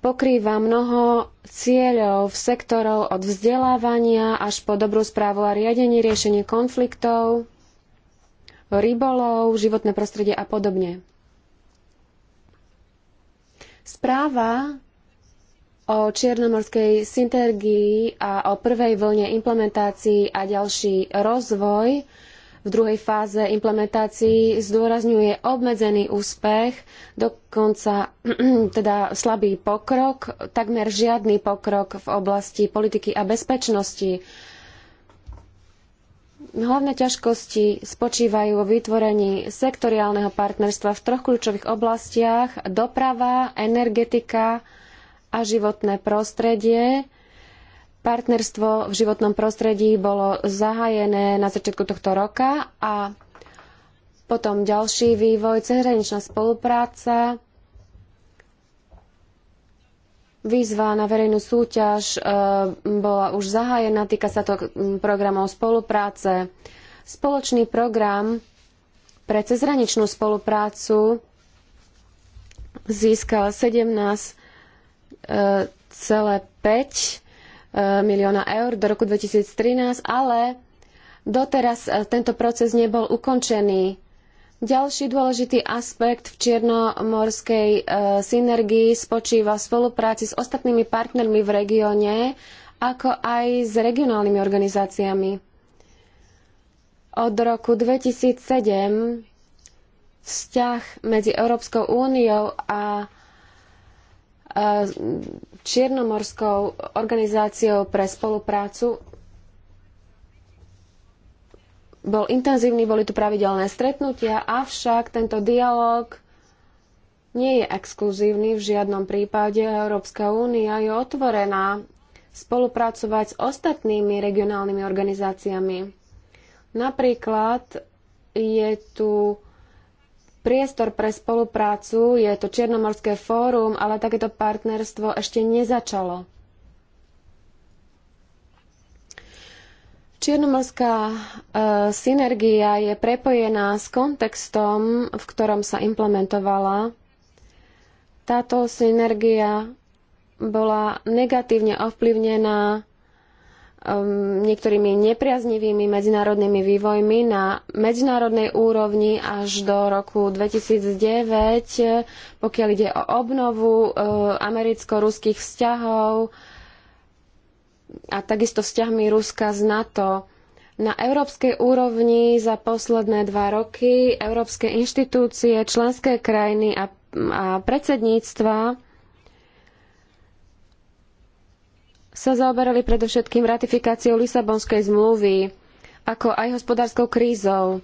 pokrýva mnoho cieľov v sektorov od vzdelávania až po dobrú správu a riadenie, riešenie konfliktov, rybolov, životné prostredie a podobne. Správa o čiernomorskej synergii a o prvej vlne implementácii a ďalší rozvoj v druhej fáze implementácií zdôrazňuje obmedzený úspech, dokonca teda slabý pokrok, takmer žiadny pokrok v oblasti politiky a bezpečnosti. Hlavné ťažkosti spočívajú vo vytvorení sektoriálneho partnerstva v troch kľúčových oblastiach doprava, energetika a životné prostredie Partnerstvo v životnom prostredí bolo zahájené na začiatku tohto roka a potom ďalší vývoj, cezhraničná spolupráca, výzva na verejnú súťaž e, bola už zahájená, týka sa to programov spolupráce. Spoločný program pre cezhraničnú spoluprácu získal 17,5 Eh, milióna eur do roku 2013, ale doteraz eh, tento proces nebol ukončený. Ďalší dôležitý aspekt v čiernomorskej eh, synergii spočíva v spolupráci s ostatnými partnermi v regióne, ako aj s regionálnymi organizáciami. Od roku 2007 vzťah medzi Európskou úniou a Čiernomorskou organizáciou pre spoluprácu bol intenzívny, boli tu pravidelné stretnutia, avšak tento dialog nie je exkluzívny v žiadnom prípade. Európska únia je otvorená spolupracovať s ostatnými regionálnymi organizáciami. Napríklad je tu priestor pre spoluprácu, je to Čiernomorské fórum, ale takéto partnerstvo ešte nezačalo. Čiernomorská e, synergia je prepojená s kontextom, v ktorom sa implementovala. Táto synergia bola negatívne ovplyvnená Um, niektorými nepriaznivými medzinárodnými vývojmi na medzinárodnej úrovni až do roku 2009, pokiaľ ide o obnovu uh, americko-ruských vzťahov a takisto vzťahmi Ruska s NATO. Na európskej úrovni za posledné dva roky európske inštitúcie, členské krajiny a, a predsedníctva sa zaoberali predovšetkým ratifikáciou Lisabonskej zmluvy, ako aj hospodárskou krízou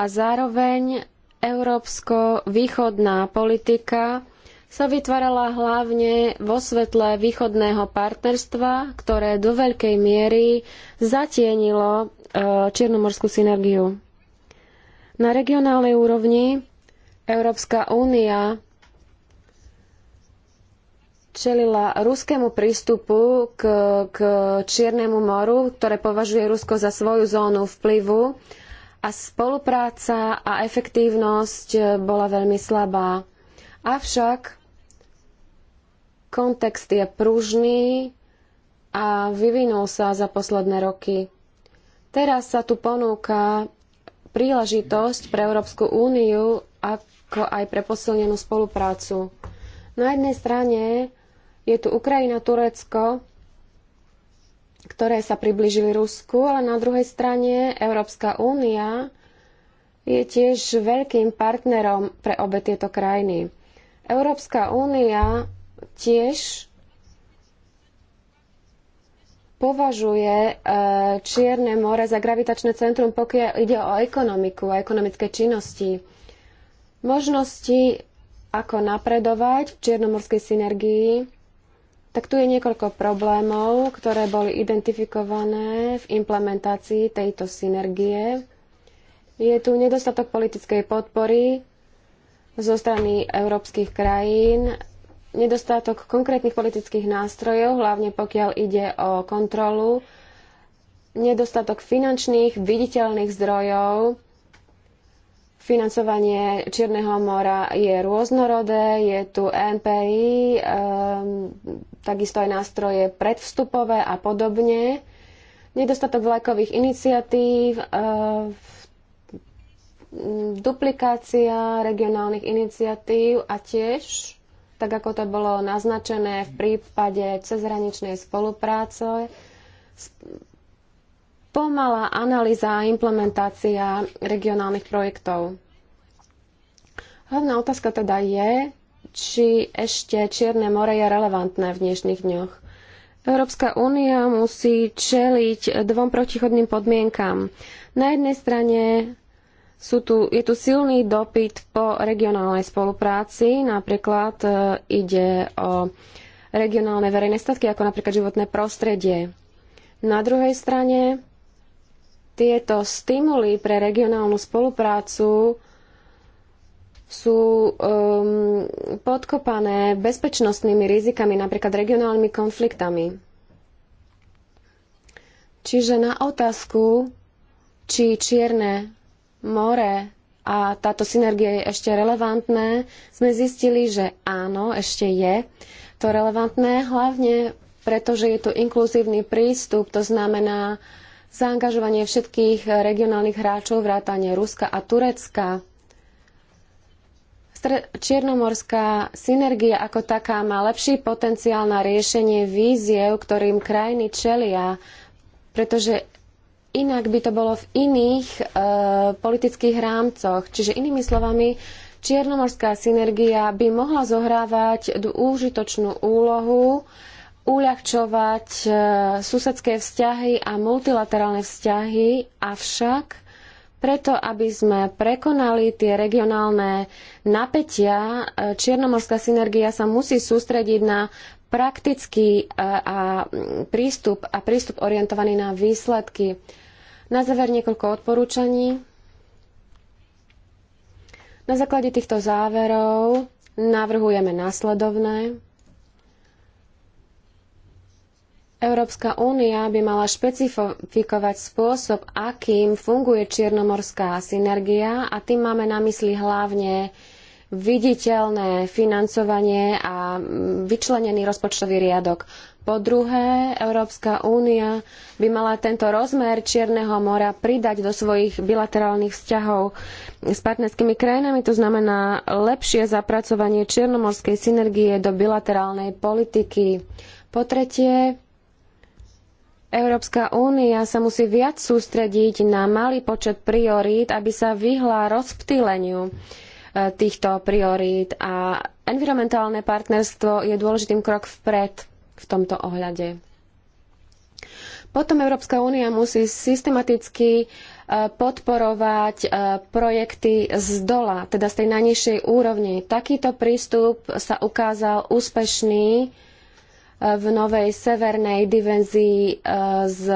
a zároveň európsko-východná politika sa vytvárala hlavne vo svetle východného partnerstva, ktoré do veľkej miery zatienilo e, čiernomorskú synergiu. Na regionálnej úrovni Európska únia čelila ruskému prístupu k, k Čiernemu moru, ktoré považuje Rusko za svoju zónu vplyvu a spolupráca a efektívnosť bola veľmi slabá. Avšak kontext je pružný a vyvinul sa za posledné roky. Teraz sa tu ponúka príležitosť pre Európsku úniu, ako aj pre posilnenú spoluprácu. Na jednej strane je tu Ukrajina, Turecko, ktoré sa priblížili Rusku, ale na druhej strane Európska únia je tiež veľkým partnerom pre obe tieto krajiny. Európska únia tiež považuje e, Čierne more za gravitačné centrum, pokiaľ ide o ekonomiku a ekonomické činnosti. Možnosti, ako napredovať v čiernomorskej synergii, tak tu je niekoľko problémov, ktoré boli identifikované v implementácii tejto synergie. Je tu nedostatok politickej podpory zo strany európskych krajín, nedostatok konkrétnych politických nástrojov, hlavne pokiaľ ide o kontrolu, nedostatok finančných, viditeľných zdrojov, Financovanie Čierneho mora je rôznorodé, je tu NPI, ehm, takisto aj nástroje predvstupové a podobne. Nedostatok vlajkových iniciatív, ehm, duplikácia regionálnych iniciatív a tiež, tak ako to bolo naznačené v prípade cezhraničnej spolupráce, pomalá analýza a implementácia regionálnych projektov. Hlavná otázka teda je, či ešte Čierne more je relevantné v dnešných dňoch. Európska únia musí čeliť dvom protichodným podmienkam. Na jednej strane sú tu, je tu silný dopyt po regionálnej spolupráci, napríklad e, ide o regionálne verejné statky, ako napríklad životné prostredie. Na druhej strane tieto stimuly pre regionálnu spoluprácu sú um, podkopané bezpečnostnými rizikami, napríklad regionálnymi konfliktami. Čiže na otázku, či Čierne more a táto synergia je ešte relevantné, sme zistili, že áno, ešte je to relevantné, hlavne preto, že je tu inkluzívny prístup, to znamená, uh, zaangažovanie všetkých regionálnych hráčov, vrátanie Ruska a Turecka. Čiernomorská synergia ako taká má lepší potenciál na riešenie víziev, ktorým krajiny čelia, pretože inak by to bolo v iných e, politických rámcoch. Čiže inými slovami, čiernomorská synergia by mohla zohrávať užitočnú úlohu e, uľahčovať e, susedské vzťahy a multilaterálne vzťahy, avšak preto, aby sme prekonali tie regionálne napätia, e, Čiernomorská synergia sa musí sústrediť na praktický e, a prístup a prístup orientovaný na výsledky. Na záver niekoľko odporúčaní. Na základe týchto záverov navrhujeme následovné. Európska únia by mala špecifikovať spôsob, akým funguje čiernomorská synergia a tým máme na mysli hlavne viditeľné financovanie a vyčlenený rozpočtový riadok. Po druhé, Európska únia by mala tento rozmer Čierneho mora pridať do svojich bilaterálnych vzťahov s partnerskými krajinami, to znamená lepšie zapracovanie čiernomorskej synergie do bilaterálnej politiky. Po tretie, Európska únia sa musí viac sústrediť na malý počet priorít, aby sa vyhla rozptýleniu e, týchto priorít a environmentálne partnerstvo je dôležitým krok vpred v tomto ohľade. Potom Európska únia musí systematicky e, podporovať e, projekty z dola, teda z tej najnižšej úrovni. Takýto prístup sa ukázal úspešný v novej severnej divenzii e, s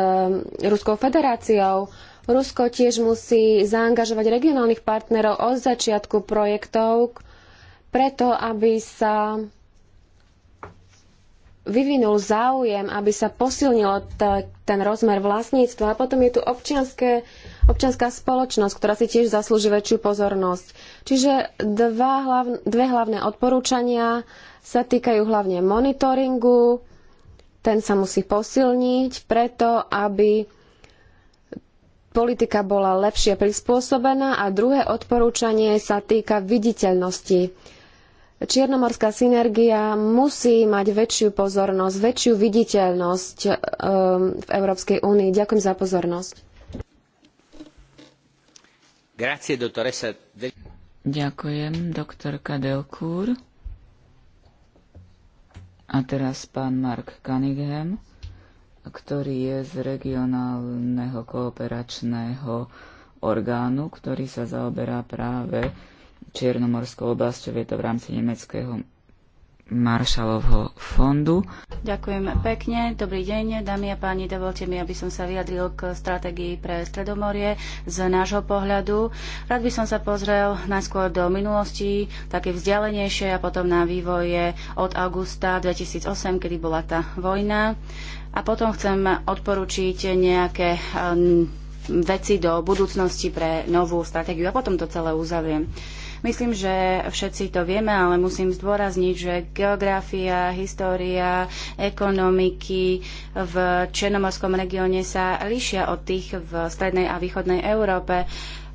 Ruskou federáciou. Rusko tiež musí zaangažovať regionálnych partnerov od začiatku projektov, preto aby sa vyvinul záujem, aby sa posilnil ten rozmer vlastníctva. A potom je tu občianska občianská spoločnosť, ktorá si tiež zaslúži väčšiu pozornosť. Čiže dva, dve hlavné odporúčania sa týkajú hlavne monitoringu. Ten sa musí posilniť preto, aby politika bola lepšie prispôsobená a druhé odporúčanie sa týka viditeľnosti. Čiernomorská synergia musí mať väčšiu pozornosť, väčšiu viditeľnosť um, v Európskej únii. Ďakujem za pozornosť. Grazie, Ďakujem, doktorka Delcourt. A teraz pán Mark Cunningham, ktorý je z regionálneho kooperačného orgánu, ktorý sa zaoberá práve Čiernomorskou oblasťou, je to v rámci nemeckého Maršalovho fondu. Ďakujem pekne. Dobrý deň, dámy a páni. Dovolte mi, aby som sa vyjadril k stratégii pre Stredomorie z nášho pohľadu. Rád by som sa pozrel najskôr do minulosti, také vzdialenejšie a potom na vývoje od augusta 2008, kedy bola tá vojna. A potom chcem odporučiť nejaké um, veci do budúcnosti pre novú stratégiu a potom to celé uzaviem. Myslím, že všetci to vieme, ale musím zdôrazniť, že geografia, história, ekonomiky v Černomorskom regióne sa líšia od tých v strednej a východnej Európe.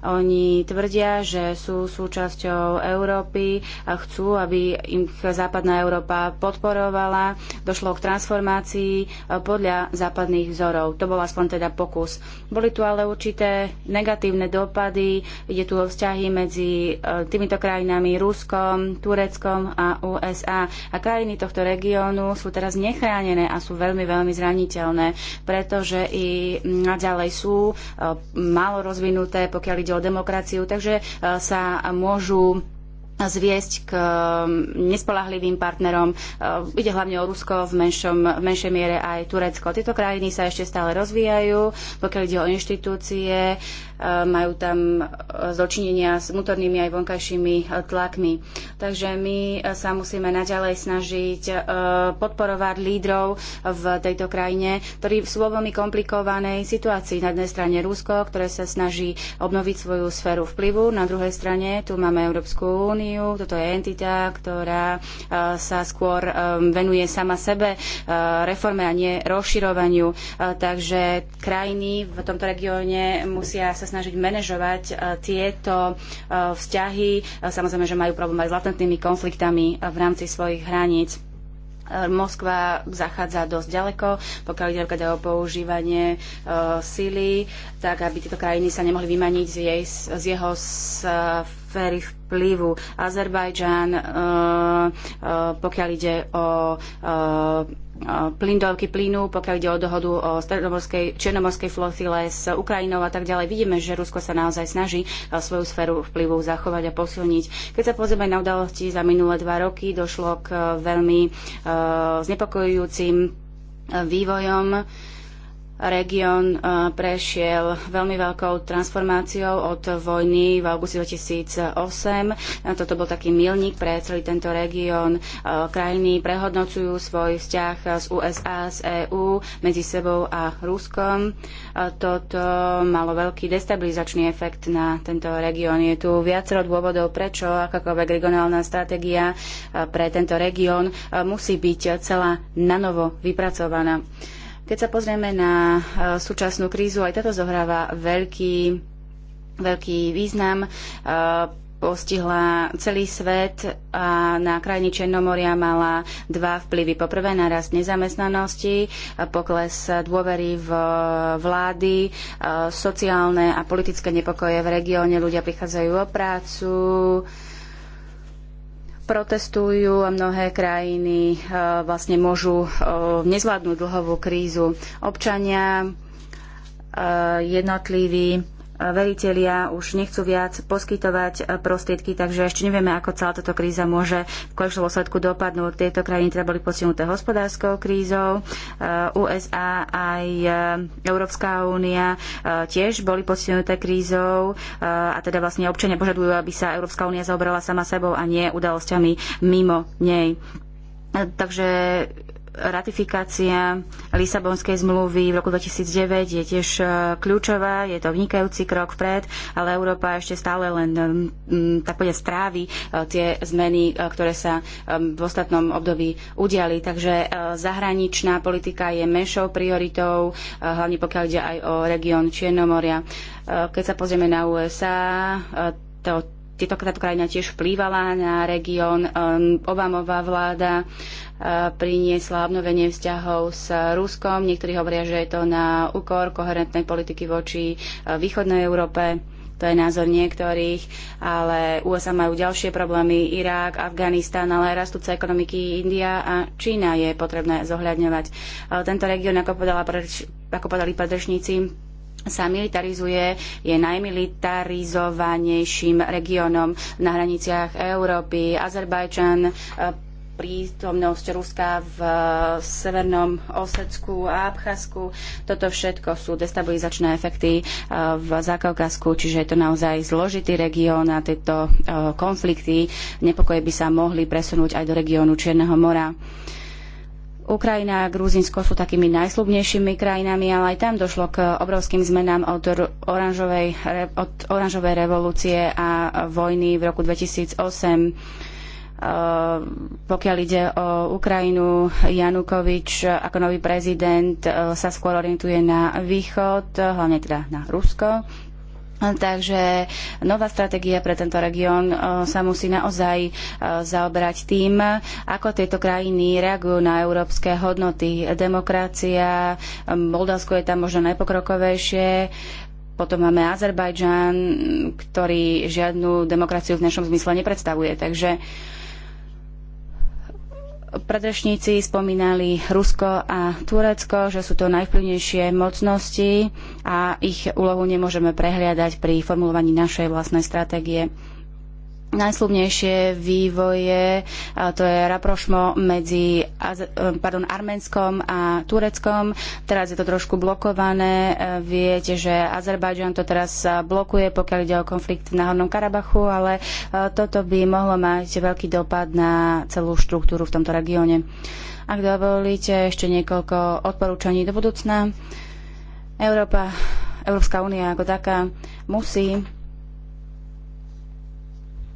Oni tvrdia, že sú súčasťou Európy a chcú, aby im západná Európa podporovala. Došlo k transformácii e, podľa západných vzorov. To bol aspoň teda pokus. Boli tu ale určité negatívne dopady. Ide tu o vzťahy medzi e, týmito krajinami Ruskom, Tureckom a USA. A krajiny tohto regiónu sú teraz nechránené a sú veľmi, veľmi zraniteľné, pretože i naďalej sú e, malo rozvinuté, pokiaľ ide o demokraciu, takže e, sa môžu zviesť k nespolahlivým partnerom. E, ide hlavne o Rusko, v, menšom, v menšej miere aj Turecko. Tieto krajiny sa ešte stále rozvíjajú, pokiaľ ide o inštitúcie majú tam e, zločinenia s vnútornými aj vonkajšími e, tlakmi. Takže my e, sa musíme naďalej snažiť podporovať lídrov v tejto krajine, ktorí sú vo veľmi komplikovanej situácii. Na jednej strane Rusko, ktoré sa snaží obnoviť svoju sféru vplyvu, na druhej strane tu máme Európsku úniu, toto je entita, ktorá sa skôr venuje sama sebe reforme a nie rozširovaniu. Takže krajiny v tomto regióne musia sa snažiť manažovať e, tieto e, vzťahy. E, samozrejme, že majú problém aj s latentnými konfliktami v rámci svojich hraníc. Moskva zachádza dosť ďaleko, pokiaľ ide o používanie e, síly, tak aby tieto krajiny sa nemohli vymaniť z, jej, z jeho sféry v vplyvu. Azerbajdžan, e, e, pokiaľ ide o e, plyn dodávky plynu, pokiaľ ide o dohodu o stredomorskej, černomorskej flotile s Ukrajinou a tak ďalej. Vidíme, že Rusko sa naozaj snaží svoju sféru vplyvu zachovať a posilniť. Keď sa pozrieme na udalosti za minulé dva roky, došlo k veľmi uh, znepokojujúcim vývojom región eh, prešiel veľmi veľkou transformáciou od vojny v augusti 2008. Eh, toto bol taký milník pre celý tento región. Eh, krajiny prehodnocujú svoj vzťah z USA, z EÚ, medzi sebou a Ruskom. Toto malo veľký destabilizačný efekt na tento región. Je tu viacero dôvodov, prečo akákoľvek regionálna stratégia pre tento región musí byť celá nanovo vypracovaná. Keď sa pozrieme na e, súčasnú krízu, aj táto zohráva veľký, veľký význam. E, postihla celý svet a na krajine Černomoria mala dva vplyvy. Poprvé narast nezamestnanosti, e, pokles dôvery v vlády, sociálne a politické nepokoje v regióne, ľudia prichádzajú o prácu, protestujú a mnohé krajiny e, vlastne môžu e, nezvládnuť dlhovú krízu. Občania e, jednotliví veritelia už nechcú viac poskytovať eh, prostriedky, takže ešte nevieme, ako celá táto kríza môže v konečnom dôsledku dopadnúť. Tieto krajiny teda boli posunuté hospodárskou krízou. Eh, USA aj eh, Európska únia tiež boli posunuté krízou a teda vlastne občania požadujú, aby sa Európska únia zaoberala sama sebou a nie udalosťami mimo nej. Takže ratifikácia Lisabonskej zmluvy v roku 2009 je tiež e, kľúčová, je to vnikajúci krok vpred, ale Európa ešte stále len e, tak povedať strávi e, tie zmeny, ktoré sa v ostatnom období udiali. Takže zahraničná politika je menšou prioritou, hlavne pokiaľ ide aj o región Čiernomoria. Keď sa pozrieme na USA, to tieto krajina tiež vplývala na región. Obamová vláda eh, priniesla obnovenie vzťahov s Ruskom. Niektorí hovoria, že je to na úkor koherentnej politiky voči eh, východnej Európe. To je názor niektorých, ale USA majú ďalšie problémy, Irák, Afganistán, ale aj rastúce ekonomiky India a Čína je potrebné zohľadňovať. Tento región, ako, povedala, ako povedali predrečníci, sa militarizuje, je najmilitarizovanejším regiónom na hraniciach Európy. Azerbajčan e, prítomnosť Ruska e, v Severnom Osecku a Abchazsku. Toto všetko sú destabilizačné efekty e, v Zakaukazku, čiže je to naozaj zložitý región a tieto konflikty, nepokoje by sa mohli presunúť aj do regiónu Čierneho mora. Ukrajina a Gruzinsko sú takými najslubnejšími krajinami, ale aj tam došlo k obrovským zmenám od oranžovej, od oranžovej revolúcie a vojny v roku 2008. E, pokiaľ ide o Ukrajinu, Janukovič ako nový prezident e, sa skôr orientuje na východ, hlavne teda na Rusko Takže nová stratégia pre tento región e, sa musí naozaj e, zaoberať tým, ako tieto krajiny reagujú na európske hodnoty. Demokracia, e, Moldavsko je tam možno najpokrokovejšie, potom máme Azerbajdžan, ktorý žiadnu demokraciu v našom zmysle nepredstavuje. Takže uh, Predrečníci spomínali Rusko a Turecko, že sú to najvplyvnejšie mocnosti a ich úlohu nemôžeme prehliadať pri formulovaní našej vlastnej stratégie najslubnejšie vývoje, to je raprošmo medzi pardon, Arménskom a Tureckom. Teraz je to trošku blokované. Viete, že Azerbajdžan to teraz blokuje, pokiaľ ide o konflikt v Náhornom Karabachu, ale e, toto by mohlo mať veľký dopad na celú štruktúru v tomto regióne. Ak dovolíte, ešte niekoľko odporúčaní do budúcna. Európa, Európska únia ako taká musí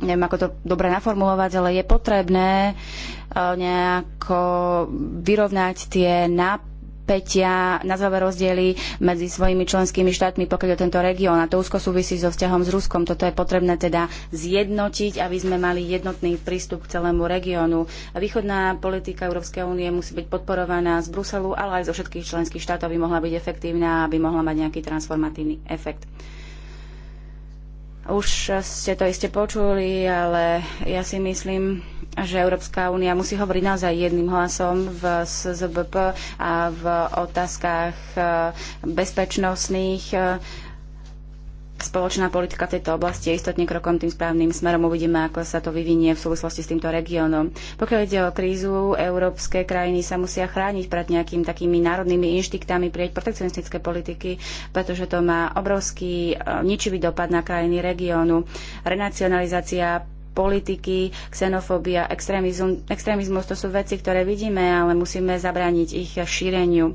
neviem, ako to dobre naformulovať, ale je potrebné e, nejako vyrovnať tie nápady napätia, názvové rozdiely medzi svojimi členskými štátmi, pokiaľ je tento región. A to úzko súvisí so vzťahom s Ruskom. Toto je potrebné teda zjednotiť, aby sme mali jednotný prístup k celému regiónu. Východná politika Európskej únie musí byť podporovaná z Bruselu, ale aj zo všetkých členských štátov, aby mohla byť efektívna, aby mohla mať nejaký transformatívny efekt. Už ste to iste počuli, ale ja si myslím, že Európska únia musí hovoriť naozaj jedným hlasom v SZBP a v otázkach eh, bezpečnostných eh, spoločná politika v tejto oblasti je istotne krokom tým správnym smerom. Uvidíme, ako sa to vyvinie v súvislosti s týmto regiónom. Pokiaľ ide o krízu, európske krajiny sa musia chrániť pred nejakými takými národnými inštiktami prieť protekcionistické politiky, pretože to má obrovský e, ničivý dopad na krajiny regiónu. Renacionalizácia politiky, xenofóbia, extrémizmus, extrémizmus, to sú veci, ktoré vidíme, ale musíme zabrániť ich šíreniu.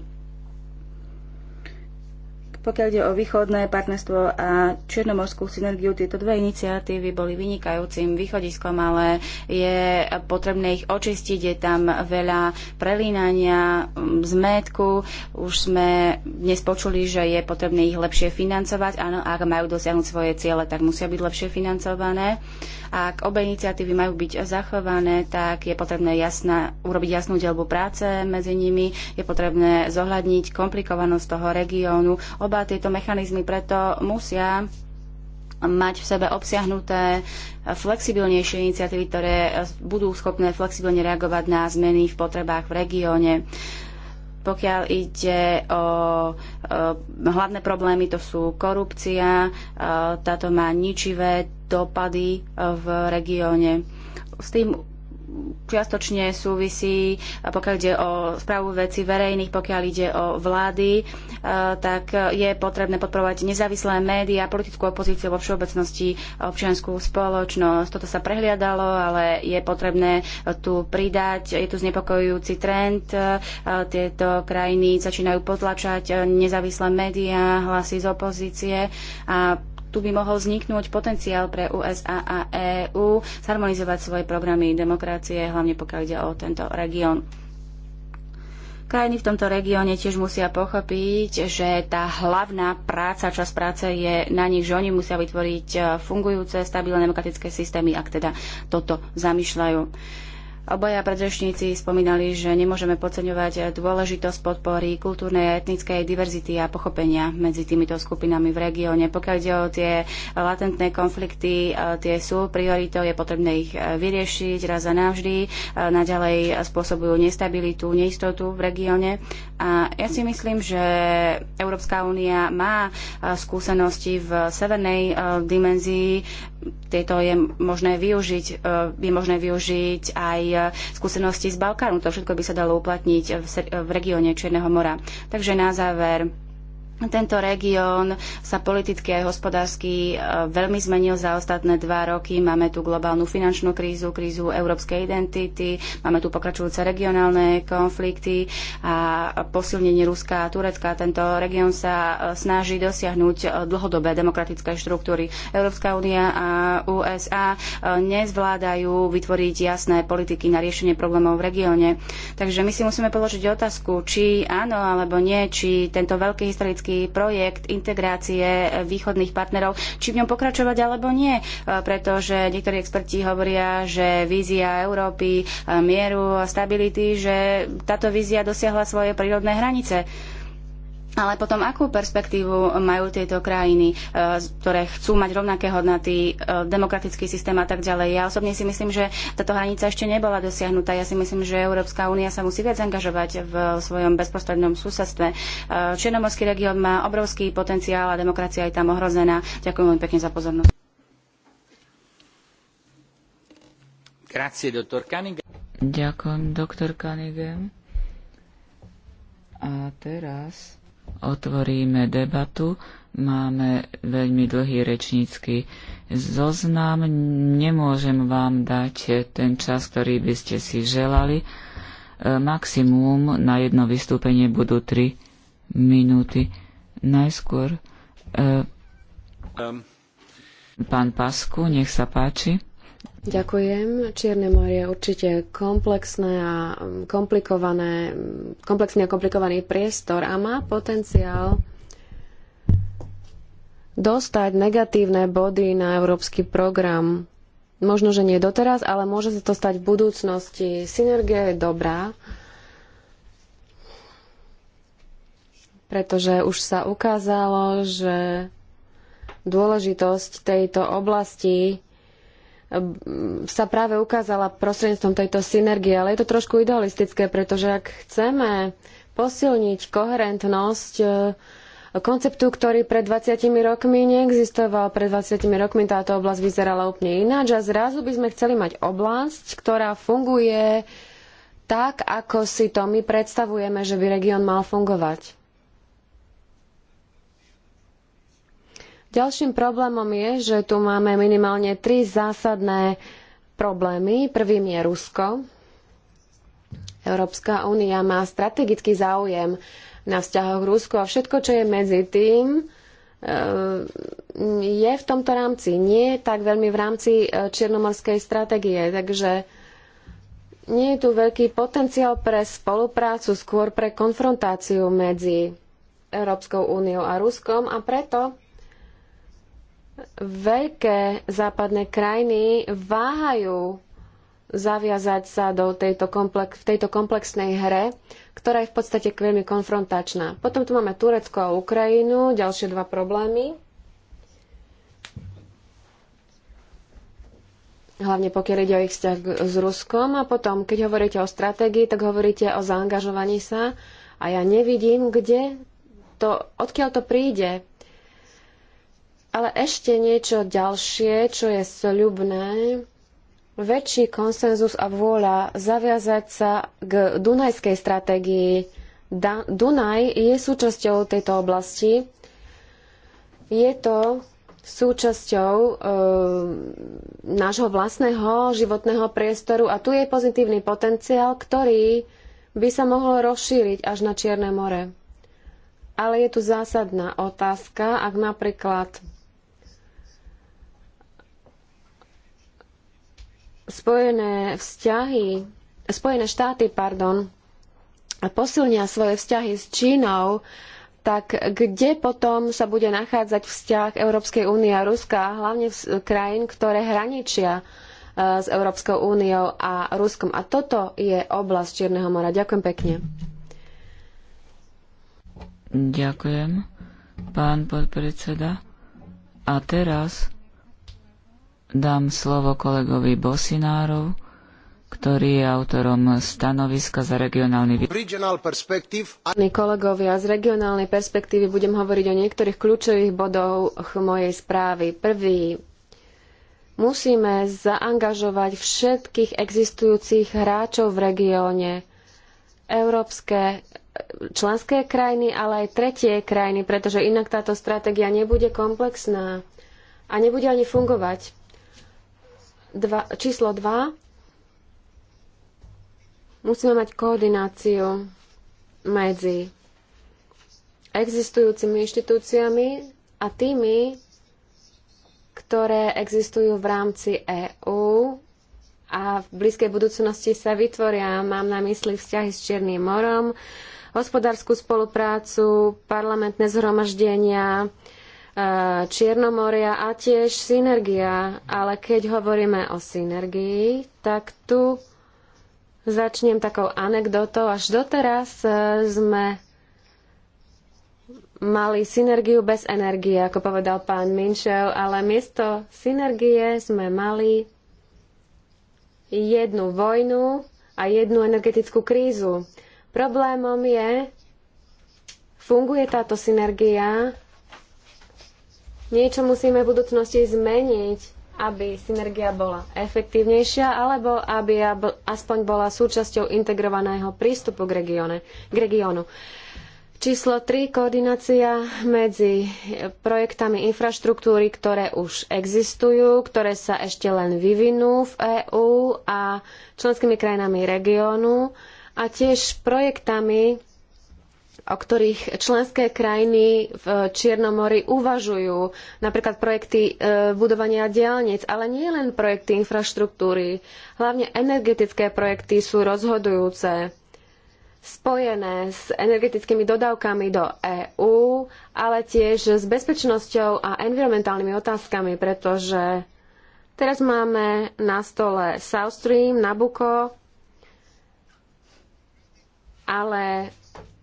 Pokiaľ ide o východné partnerstvo a černomorskú synergiu, tieto dve iniciatívy boli vynikajúcim východiskom, ale je potrebné ich očistiť. Je tam veľa prelínania, mm, zmetku. Už sme dnes počuli, že je potrebné ich lepšie financovať. Áno, ak majú dosiahnuť svoje ciele, tak musia byť lepšie financované. Ak obe iniciatívy majú byť zachované, tak je potrebné jasná, urobiť jasnú delbu práce medzi nimi, je potrebné zohľadniť komplikovanosť toho regiónu. Oba tieto mechanizmy preto musia mať v sebe obsiahnuté flexibilnejšie iniciatívy, ktoré budú schopné flexibilne reagovať na zmeny v potrebách v regióne. Pokiaľ ide o hlavné problémy, to sú korupcia, táto má ničivé dopady v regióne. S tým čiastočne súvisí, pokiaľ ide o správu veci verejných, pokiaľ ide o vlády, e, tak je potrebné podporovať nezávislé médiá, politickú opozíciu vo všeobecnosti, občianskú spoločnosť. Toto sa prehliadalo, ale je potrebné tu pridať. Je tu znepokojujúci trend. E, tieto krajiny začínajú potlačať nezávislé médiá, hlasy z opozície a tu by mohol vzniknúť potenciál pre USA a EÚ zharmonizovať svoje programy demokracie, hlavne pokiaľ ide o tento región. Krajiny v tomto regióne tiež musia pochopiť, že tá hlavná práca, čas práce je na nich, že oni musia vytvoriť eh, fungujúce, stabilné demokratické systémy, ak teda toto zamýšľajú. Obaja predrečníci spomínali, že nemôžeme podceňovať dôležitosť podpory kultúrnej a etnickej diverzity a pochopenia medzi týmito skupinami v regióne. Pokiaľ ide o tie latentné konflikty, e, tie sú prioritou, je potrebné ich e, vyriešiť raz a navždy. E, naďalej spôsobujú nestabilitu, neistotu v regióne. A ja si myslím, že Európska únia má skúsenosti v severnej dimenzii. Tieto je možné využiť, je možné využiť aj skúsenosti z Balkánu. To všetko by sa dalo uplatniť v, v regióne Čierneho mora. Takže na záver tento región sa politicky aj hospodársky e, veľmi zmenil za ostatné dva roky. Máme tu globálnu finančnú krízu, krízu európskej identity, máme tu pokračujúce regionálne konflikty a posilnenie Ruska a Turecka. Tento región sa e, snaží dosiahnuť e, dlhodobé demokratické štruktúry. Európska únia a USA nezvládajú vytvoriť jasné politiky na riešenie problémov v regióne. Takže my si musíme položiť otázku, či áno alebo nie, či tento veľký historický európsky projekt integrácie eh, východných partnerov, či v ňom pokračovať alebo nie, eh, pretože niektorí experti hovoria, že vízia Európy, eh, mieru a stability, že táto vízia dosiahla svoje prírodné hranice. Ale potom akú perspektívu majú tieto krajiny, e, ktoré chcú mať rovnaké hodnoty, e, demokratický systém a tak ďalej? Ja osobne si myslím, že táto hranica ešte nebola dosiahnutá. Ja si myslím, že Európska únia sa musí viac angažovať v svojom bezprostrednom susedstve. E, Černomorský región má obrovský potenciál a demokracia je tam ohrozená. Ďakujem veľmi pekne za pozornosť. Grazie, doktor Ďakujem, doktor Kanigem. A teraz otvoríme debatu. Máme veľmi dlhý rečnícky zoznam. Nemôžem vám dať ten čas, ktorý by ste si želali. E, maximum na jedno vystúpenie budú 3 minúty. Najskôr e, pán Pasku, nech sa páči. Ďakujem. Čierne more je určite komplexné a mm, komplikované, mm, komplexný a komplikovaný priestor a má potenciál dostať negatívne body na európsky program. Možno, že nie doteraz, ale môže sa to stať v budúcnosti. Synergia je dobrá, pretože už sa ukázalo, že dôležitosť tejto oblasti sa práve ukázala prostredníctvom tejto synergie, ale je to trošku idealistické, pretože ak chceme posilniť koherentnosť e, konceptu, ktorý pred 20 rokmi neexistoval. Pred 20 rokmi táto oblasť vyzerala úplne ináč a zrazu by sme chceli mať oblasť, ktorá funguje tak, ako si to my predstavujeme, že by región mal fungovať. Ďalším problémom je, že tu máme minimálne tri zásadné problémy. Prvým je Rusko. Európska únia má strategický záujem na vzťahoch Rusko a všetko, čo je medzi tým, eh, je v tomto rámci. Nie tak veľmi v rámci eh, čiernomorskej stratégie. Takže nie je tu veľký potenciál pre spoluprácu, skôr pre konfrontáciu medzi Európskou úniou a Ruskom a preto veľké západné krajiny váhajú zaviazať sa do tejto komplex, v tejto komplexnej hre, ktorá je v podstate veľmi konfrontačná. Potom tu máme Turecko a Ukrajinu, ďalšie dva problémy. hlavne pokiaľ ide o ich vzťah s Ruskom. A potom, keď hovoríte o stratégii, tak hovoríte o zaangažovaní sa. A ja nevidím, kde to, odkiaľ to príde. Ale ešte niečo ďalšie, čo je sľubné, väčší konsenzus a vôľa zaviazať sa k Dunajskej stratégii. Dunaj je súčasťou tejto oblasti. Je to súčasťou e, nášho vlastného životného priestoru a tu je pozitívny potenciál, ktorý by sa mohol rozšíriť až na Čierne more. Ale je tu zásadná otázka, ak napríklad spojené vzťahy, Spojené štáty, pardon, posilnia svoje vzťahy s Čínou, tak kde potom sa bude nachádzať vzťah Európskej únie a Ruska, a hlavne krajín, ktoré hraničia e, s Európskou úniou a Ruskom. A toto je oblasť Čierneho mora. Ďakujem pekne. Ďakujem, pán podpredseda. A teraz dám slovo kolegovi Bosinárov, ktorý je autorom stanoviska za regionálny vývoj. kolegovia, z regionálnej perspektívy budem hovoriť o niektorých kľúčových bodoch mojej správy. Prvý, musíme zaangažovať všetkých existujúcich hráčov v regióne, európske e, členské krajiny, ale aj tretie krajiny, pretože inak táto stratégia nebude komplexná a nebude ani fungovať dva, číslo 2 musíme mať koordináciu medzi existujúcimi inštitúciami a tými, ktoré existujú v rámci EÚ a v blízkej budúcnosti sa vytvoria, mám na mysli vzťahy s Čiernym morom, hospodárskú spoluprácu, parlamentné zhromaždenia, Čiernomoria a tiež synergia. Ale keď hovoríme o synergii, tak tu začnem takou anekdotou. Až doteraz e, sme mali synergiu bez energie, ako povedal pán Minšov, ale miesto synergie sme mali jednu vojnu a jednu energetickú krízu. Problémom je, funguje táto synergia Niečo musíme v budúcnosti zmeniť, aby synergia bola efektívnejšia, alebo aby aspoň bola súčasťou integrovaného prístupu k, regióne, k regiónu. Číslo 3. Koordinácia medzi projektami infraštruktúry, ktoré už existujú, ktoré sa ešte len vyvinú v EÚ a členskými krajinami regiónu a tiež projektami, o ktorých členské krajiny v Čiernom mori uvažujú, napríklad projekty e, budovania diaľnic, ale nie len projekty infraštruktúry, hlavne energetické projekty sú rozhodujúce spojené s energetickými dodávkami do EÚ, ale tiež s bezpečnosťou a environmentálnymi otázkami, pretože teraz máme na stole South Stream, Nabucco, ale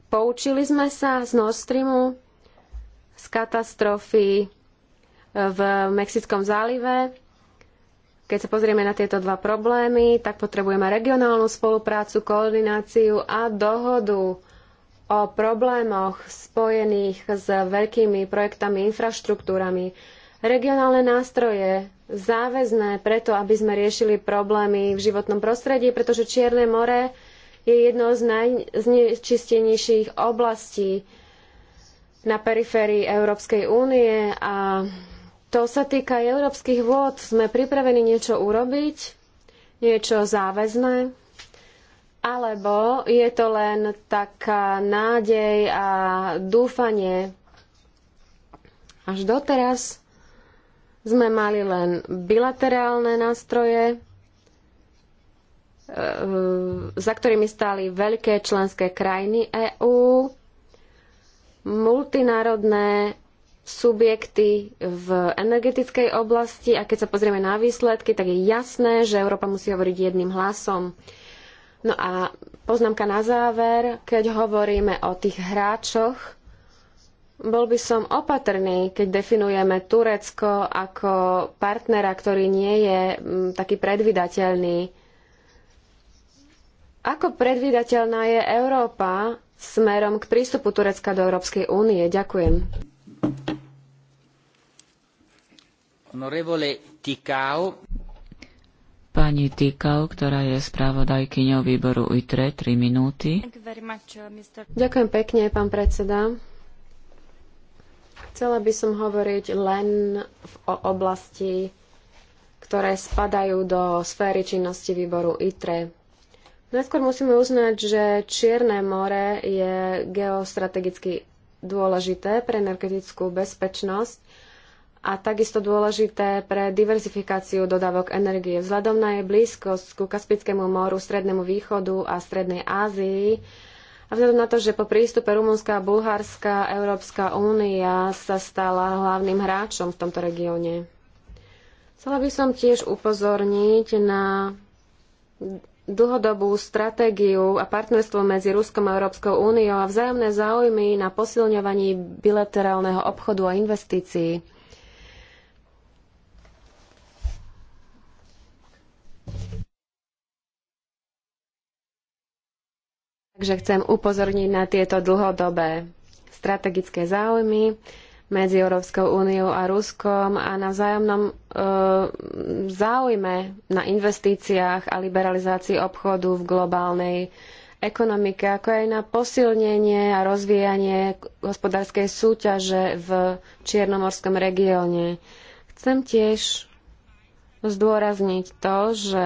Poučili sme sa z Nord Streamu, z katastrofy e, v Mexickom zálive. Keď sa pozrieme na tieto dva problémy, tak potrebujeme regionálnu spoluprácu, koordináciu a dohodu o problémoch spojených s veľkými projektami, infraštruktúrami. Regionálne nástroje záväzné preto, aby sme riešili problémy v životnom prostredí, pretože Čierne more je jednou z najznečistenejších oblastí na periférii Európskej únie a to sa týka aj európskych vôd. Sme pripravení niečo urobiť, niečo záväzné, alebo je to len taká nádej a dúfanie. Až doteraz sme mali len bilaterálne nástroje, E, za ktorými stáli veľké členské krajiny EÚ, multinárodné subjekty v energetickej oblasti a keď sa pozrieme na výsledky, tak je jasné, že Európa musí hovoriť jedným hlasom. No a poznámka na záver, keď hovoríme o tých hráčoch, bol by som opatrný, keď definujeme Turecko ako partnera, ktorý nie je taký predvydateľný. Ako predvídateľná je Európa smerom k prístupu Turecka do Európskej únie? Ďakujem. Pani Tikau, ktorá je spravodajkyňou výboru ITRE, 3 minúty. Uh, Ďakujem pekne, pán predseda. Chcela by som hovoriť len o oblasti, ktoré spadajú do sféry činnosti výboru ITRE. Najskôr musíme uznať, že Čierne more je geostrategicky dôležité pre energetickú bezpečnosť a takisto dôležité pre diverzifikáciu dodávok energie. Vzhľadom na jej blízkosť ku Kaspickému moru, Strednému východu a Strednej Ázii a vzhľadom na to, že po prístupe Rumunska a Bulharska Európska únia sa stala hlavným hráčom v tomto regióne. Chcela by som tiež upozorniť na dlhodobú stratégiu a partnerstvo medzi Ruskom a Európskou úniou a vzájomné záujmy na posilňovaní bilaterálneho obchodu a investícií. Takže chcem upozorniť na tieto dlhodobé strategické záujmy medzi Európskou úniou a Ruskom a na vzájomnom e, záujme na investíciách a liberalizácii obchodu v globálnej ekonomike, ako aj na posilnenie a rozvíjanie hospodárskej súťaže v Čiernomorskom regióne. Chcem tiež zdôrazniť to, že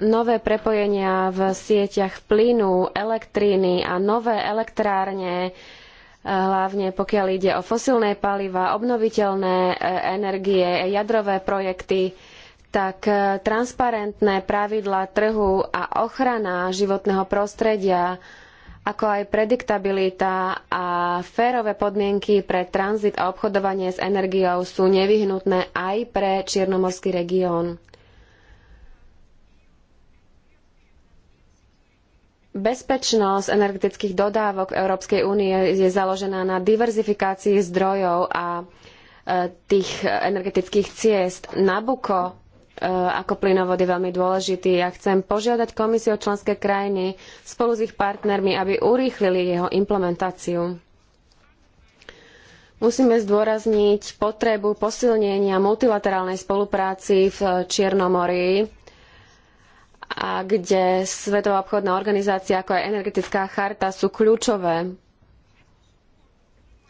nové prepojenia v sieťach plynu, elektríny a nové elektrárne hlavne pokiaľ ide o fosilné paliva, obnoviteľné e, energie, jadrové projekty, tak e, transparentné pravidlá trhu a ochrana životného prostredia, ako aj prediktabilita a férové podmienky pre tranzit a obchodovanie s energiou sú nevyhnutné aj pre Čiernomorský región. Bezpečnosť energetických dodávok Európskej únie je založená na diverzifikácii zdrojov a e, tých energetických ciest. Nabuko e, ako plynovod je veľmi dôležitý. Ja chcem požiadať komisiu o členské krajiny spolu s ich partnermi, aby urýchlili jeho implementáciu. Musíme zdôrazniť potrebu posilnenia multilaterálnej spolupráci v Čiernom mori a kde Svetová obchodná organizácia ako aj energetická charta sú kľúčové.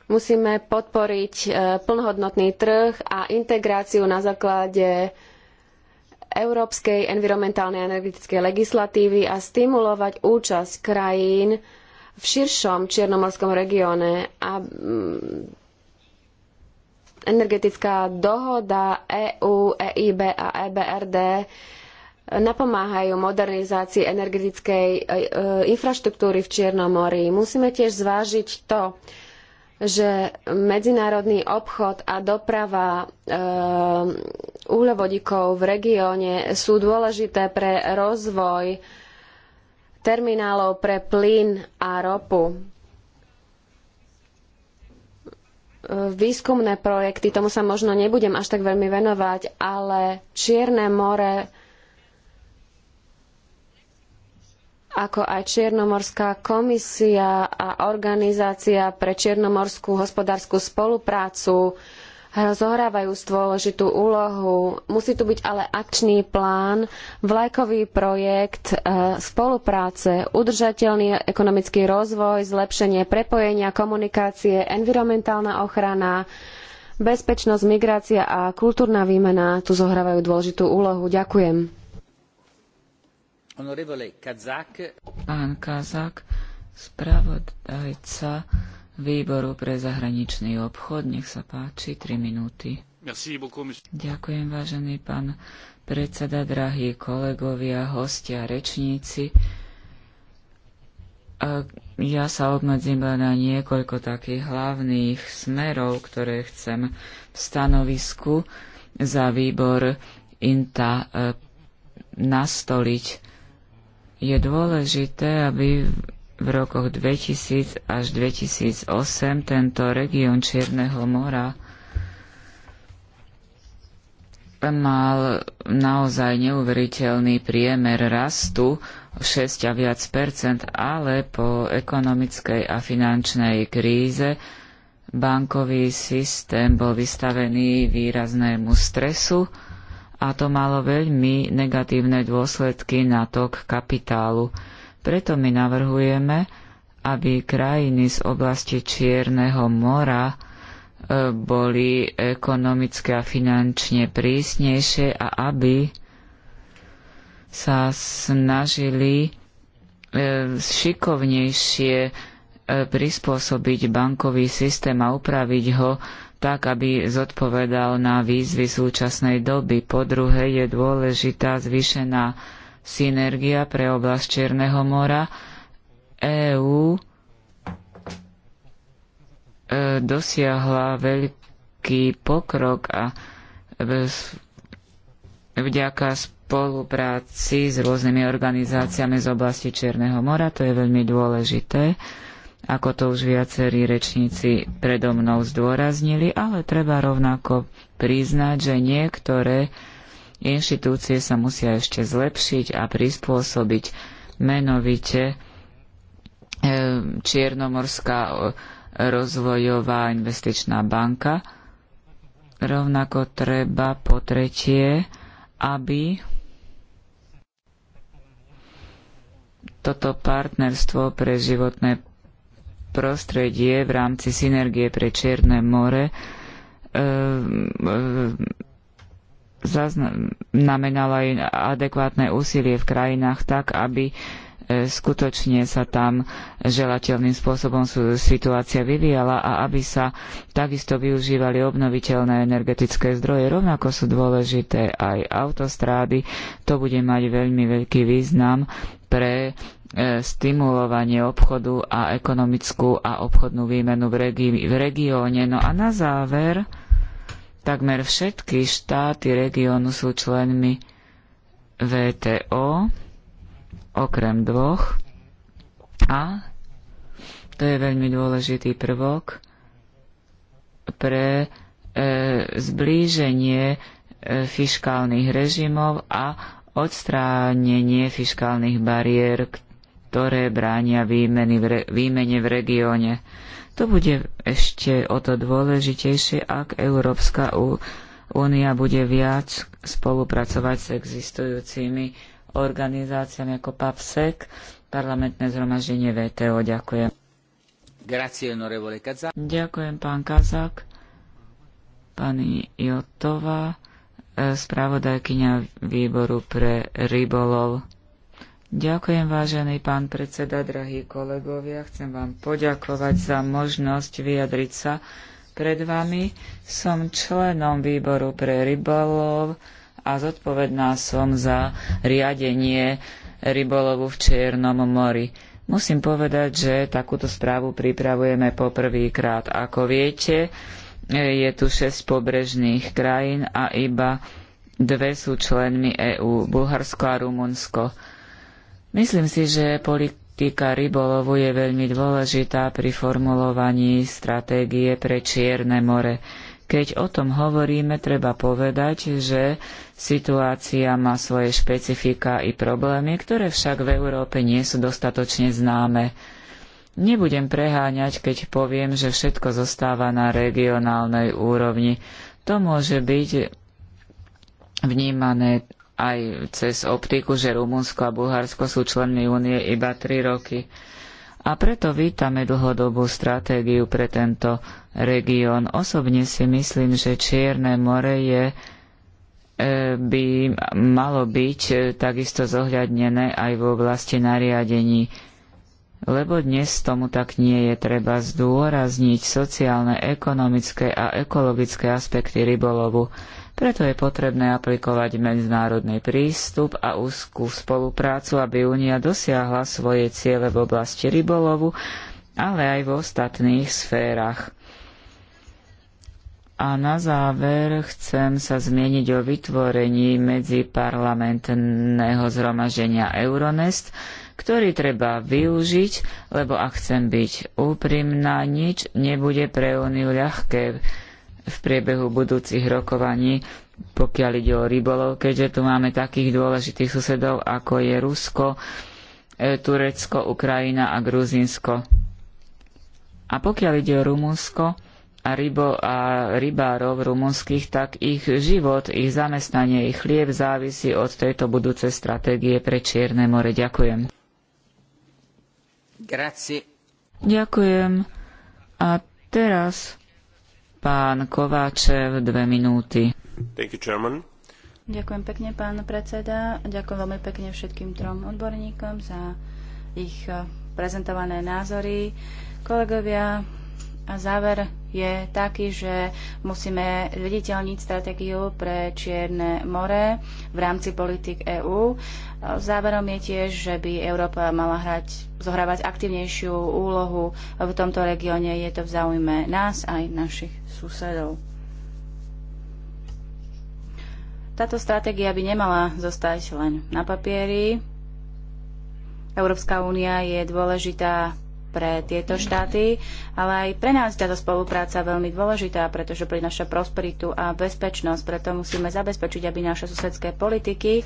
Musíme podporiť e, plnohodnotný trh a integráciu na základe európskej environmentálnej a energetickej legislatívy a stimulovať účasť krajín v širšom čiernomorskom regióne a mm, energetická dohoda EÚ, EIB a EBRD napomáhajú modernizácii energetickej e, e, infraštruktúry v Čiernom mori. Musíme tiež zvážiť to, že medzinárodný obchod a doprava e, uhľovodíkov v regióne sú dôležité pre rozvoj terminálov pre plyn a ropu. výskumné projekty, tomu sa možno nebudem až tak veľmi venovať, ale Čierne more ako aj Čiernomorská komisia a Organizácia pre Čiernomorskú hospodárskú spoluprácu zohrávajú dôležitú úlohu. Musí tu byť ale akčný plán, vlajkový projekt e, spolupráce, udržateľný ekonomický rozvoj, zlepšenie prepojenia, komunikácie, environmentálna ochrana, bezpečnosť, migrácia a kultúrna výmena tu zohrávajú dôležitú úlohu. Ďakujem. Pán Kazak, spravodajca výboru pre zahraničný obchod, nech sa páči, 3 minúty. Ďakujem, vážený pán predseda, drahí kolegovia, hostia, rečníci. Ja sa obmedzím na niekoľko takých hlavných smerov, ktoré chcem v stanovisku za výbor INTA eh, nastoliť je dôležité, aby v rokoch 2000 až 2008 tento región Čierneho mora mal naozaj neuveriteľný priemer rastu 6 a viac percent, ale po ekonomickej a finančnej kríze bankový systém bol vystavený výraznému stresu a to malo veľmi negatívne dôsledky na tok kapitálu. Preto my navrhujeme, aby krajiny z oblasti Čierneho mora e, boli ekonomicky a finančne prísnejšie a aby sa snažili e, šikovnejšie e, prispôsobiť bankový systém a upraviť ho tak, aby zodpovedal na výzvy súčasnej doby. Po druhé je dôležitá zvýšená synergia pre oblasť Čierneho mora. EÚ e, dosiahla veľký pokrok a e, vďaka spolupráci s rôznymi organizáciami z oblasti Čierneho mora, to je veľmi dôležité ako to už viacerí rečníci predo mnou zdôraznili, ale treba rovnako priznať, že niektoré inštitúcie sa musia ešte zlepšiť a prispôsobiť menovite e, Čiernomorská e, rozvojová investičná banka. Rovnako treba po tretie, aby toto partnerstvo pre životné prostredie v rámci synergie pre Čierne more e, e, znamenala aj adekvátne úsilie v krajinách tak, aby e, skutočne sa tam želateľným spôsobom situácia vyvíjala a aby sa takisto využívali obnoviteľné energetické zdroje. Rovnako sú dôležité aj autostrády. To bude mať veľmi veľký význam pre e, stimulovanie obchodu a ekonomickú a obchodnú výmenu v, regi- v regióne. No a na záver, takmer všetky štáty regiónu sú členmi VTO, okrem dvoch. A to je veľmi dôležitý prvok pre e, zblíženie e, režimov a odstránenie fiskálnych bariér, ktoré bránia výmeny v re- výmene v regióne. To bude ešte o to dôležitejšie, ak Európska únia bude viac spolupracovať s existujúcimi organizáciami ako PAPSEC, parlamentné zhromaždenie VTO. Ďakujem. Grazie, Ďakujem, pán Kazak, pani Jotová spravodajkyňa výboru pre rybolov. Ďakujem, vážený pán predseda, drahí kolegovia. Chcem vám poďakovať za možnosť vyjadriť sa pred vami. Som členom výboru pre rybolov a zodpovedná som za riadenie rybolovu v Čiernom mori. Musím povedať, že takúto správu pripravujeme poprvýkrát. Ako viete, je tu 6 pobrežných krajín a iba dve sú členmi EÚ, Bulharsko a Rumunsko. Myslím si, že politika rybolovu je veľmi dôležitá pri formulovaní stratégie pre Čierne more. Keď o tom hovoríme, treba povedať, že situácia má svoje špecifika i problémy, ktoré však v Európe nie sú dostatočne známe. Nebudem preháňať, keď poviem, že všetko zostáva na regionálnej úrovni. To môže byť vnímané aj cez optiku, že Rumunsko a Bulharsko sú členmi únie iba 3 roky. A preto vítame dlhodobú stratégiu pre tento región. Osobne si myslím, že Čierne more je e, by malo byť e, takisto zohľadnené aj v oblasti nariadení lebo dnes tomu tak nie je. Treba zdôrazniť sociálne, ekonomické a ekologické aspekty rybolovu. Preto je potrebné aplikovať medzinárodný prístup a úzkú spoluprácu, aby Únia dosiahla svoje ciele v oblasti rybolovu, ale aj v ostatných sférach. A na záver chcem sa zmieniť o vytvorení medziparlamentného zhromaženia Euronest, ktorý treba využiť, lebo ak chcem byť úprimná, nič nebude pre Úniu ľahké v priebehu budúcich rokovaní, pokiaľ ide o rybolov, keďže tu máme takých dôležitých susedov, ako je Rusko, e, Turecko, Ukrajina a Gruzínsko. A pokiaľ ide o Rumunsko, a, rybo, a rybárov rumunských, tak ich život, ich zamestnanie, ich chlieb závisí od tejto budúcej stratégie pre Čierne more. Ďakujem. Ďakujem. A teraz pán Kováčev, dve minúty. Thank you, Chairman. Ďakujem pekne, pán predseda. Ďakujem veľmi pekne všetkým trom odborníkom za ich eh, prezentované názory. Kolegovia, a záver je taký, že musíme viditeľniť stratégiu pre Čierne more v rámci politik EÚ. Záverom je tiež, že by Európa mala hrať, zohrávať aktívnejšiu úlohu v tomto regióne. Je to v záujme nás aj našich susedov. Táto stratégia by nemala zostať len na papieri. Európska únia je dôležitá pre tieto štáty, ale aj pre nás táto spolupráca veľmi dôležitá, pretože prináša prosperitu a bezpečnosť. Preto musíme zabezpečiť, aby naše susedské politiky,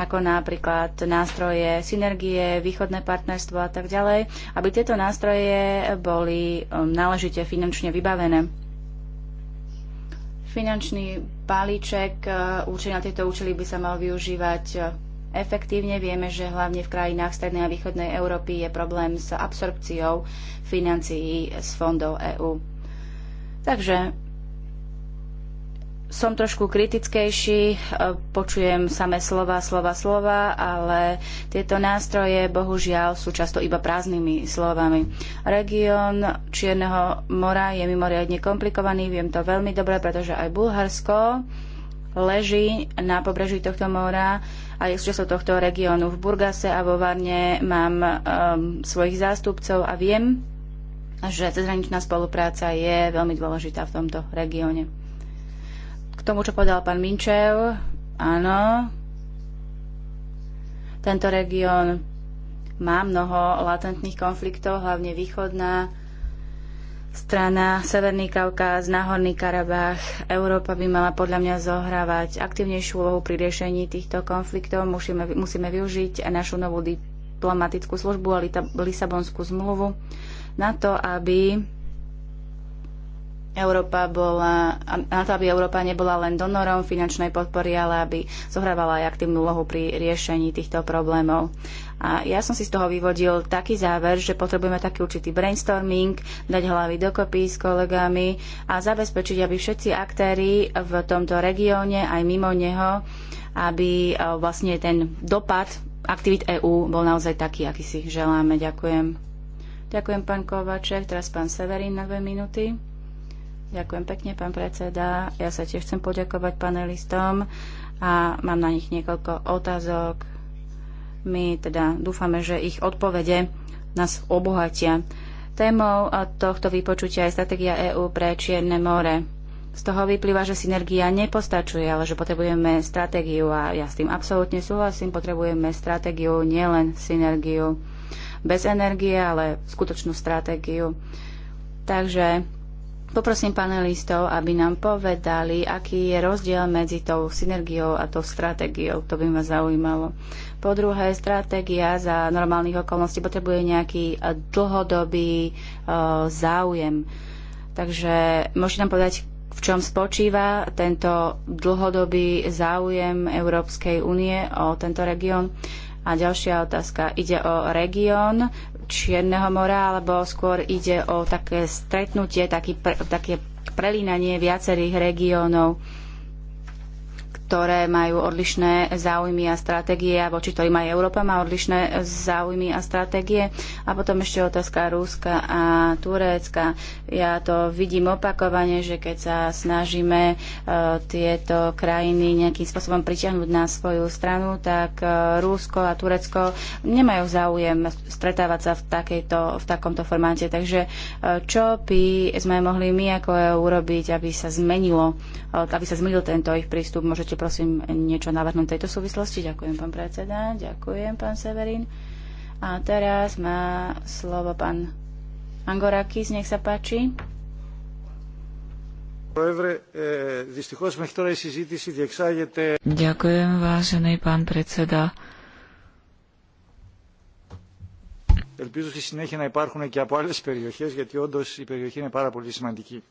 ako napríklad nástroje synergie, východné partnerstvo a tak ďalej, aby tieto nástroje boli um, náležite finančne vybavené. Finančný balíček uh, určenia na tieto účely by sa mal využívať uh, efektívne. Vieme, že hlavne v krajinách Strednej a Východnej Európy je problém s absorpciou financií z fondov EÚ. Takže som trošku kritickejší, e, počujem samé slova, slova, slova, ale tieto nástroje bohužiaľ sú často iba prázdnymi slovami. Región Čierneho mora je mimoriadne komplikovaný, viem to veľmi dobre, pretože aj Bulharsko leží na pobreží tohto mora a je súčasťou tohto regiónu. V Burgase a vo Varne mám um, svojich zástupcov a viem, že cezhraničná spolupráca je veľmi dôležitá v tomto regióne. K tomu, čo povedal pán Minčev, áno, tento región má mnoho latentných konfliktov, hlavne východná strana Severný Kaukaz, Náhorný Karabách. Európa by mala podľa mňa zohrávať aktívnejšiu úlohu pri riešení týchto konfliktov. Musíme, musíme využiť našu novú diplomatickú službu a Lisabonskú zmluvu na to, aby Európa bola, na to, aby Európa nebola len donorom finančnej podpory, ale aby zohrávala aj aktívnu úlohu pri riešení týchto problémov. A ja som si z toho vyvodil taký záver, že potrebujeme taký určitý brainstorming, dať hlavy dokopy s kolegami a zabezpečiť, aby všetci aktéry v tomto regióne aj mimo neho, aby eh, vlastne ten dopad aktivít EÚ bol naozaj taký, aký si želáme. Ďakujem. Ďakujem, pán Kovaček. Teraz pán Severín na dve minúty. Ďakujem pekne, pán predseda. Ja sa tiež chcem poďakovať panelistom a mám na nich niekoľko otázok. My teda dúfame, že ich odpovede nás obohatia. Témou tohto vypočutia je stratégia EÚ pre Čierne more. Z toho vyplýva, že synergia nepostačuje, ale že potrebujeme stratégiu a ja s tým absolútne súhlasím, potrebujeme stratégiu, nielen synergiu. Bez energie, ale skutočnú stratégiu. Takže Poprosím panelistov, aby nám povedali, aký je rozdiel medzi tou synergiou a tou stratégiou. To by ma zaujímalo. Po druhé, stratégia za normálnych okolností potrebuje nejaký e, dlhodobý uh, záujem. Takže môžete nám povedať, v čom spočíva tento dlhodobý záujem Európskej únie o tento región? A ďalšia otázka. Ide o región, Čierneho mora, alebo skôr ide o také stretnutie, taký také prelínanie viacerých regiónov ktoré majú odlišné záujmy a stratégie a voči ktorým aj Európa má odlišné záujmy a stratégie. A potom ešte otázka Rúska a Turecka. Ja to vidím opakovane, že keď sa snažíme e, tieto krajiny nejakým spôsobom pritiahnuť na svoju stranu, tak e, Rusko Rúsko a Turecko nemajú záujem stretávať sa v, takejto, v takomto formáte. Takže e, čo by sme mohli my ako EU urobiť, aby sa zmenilo, aby sa zmenil tento ich prístup? Môžete ešte prosím niečo navrhnúť tejto súvislosti? Ďakujem, pán predseda. Ďakujem, pán Severín. A teraz má slovo pán Angorakis, nech sa páči. E, Ďakujem, vážený pán predseda. Ελπίζω στη συνέχεια να υπάρχουν και από άλλες περιοχές, γιατί όντως η περιοχή είναι πάρα πολύ σημαντική.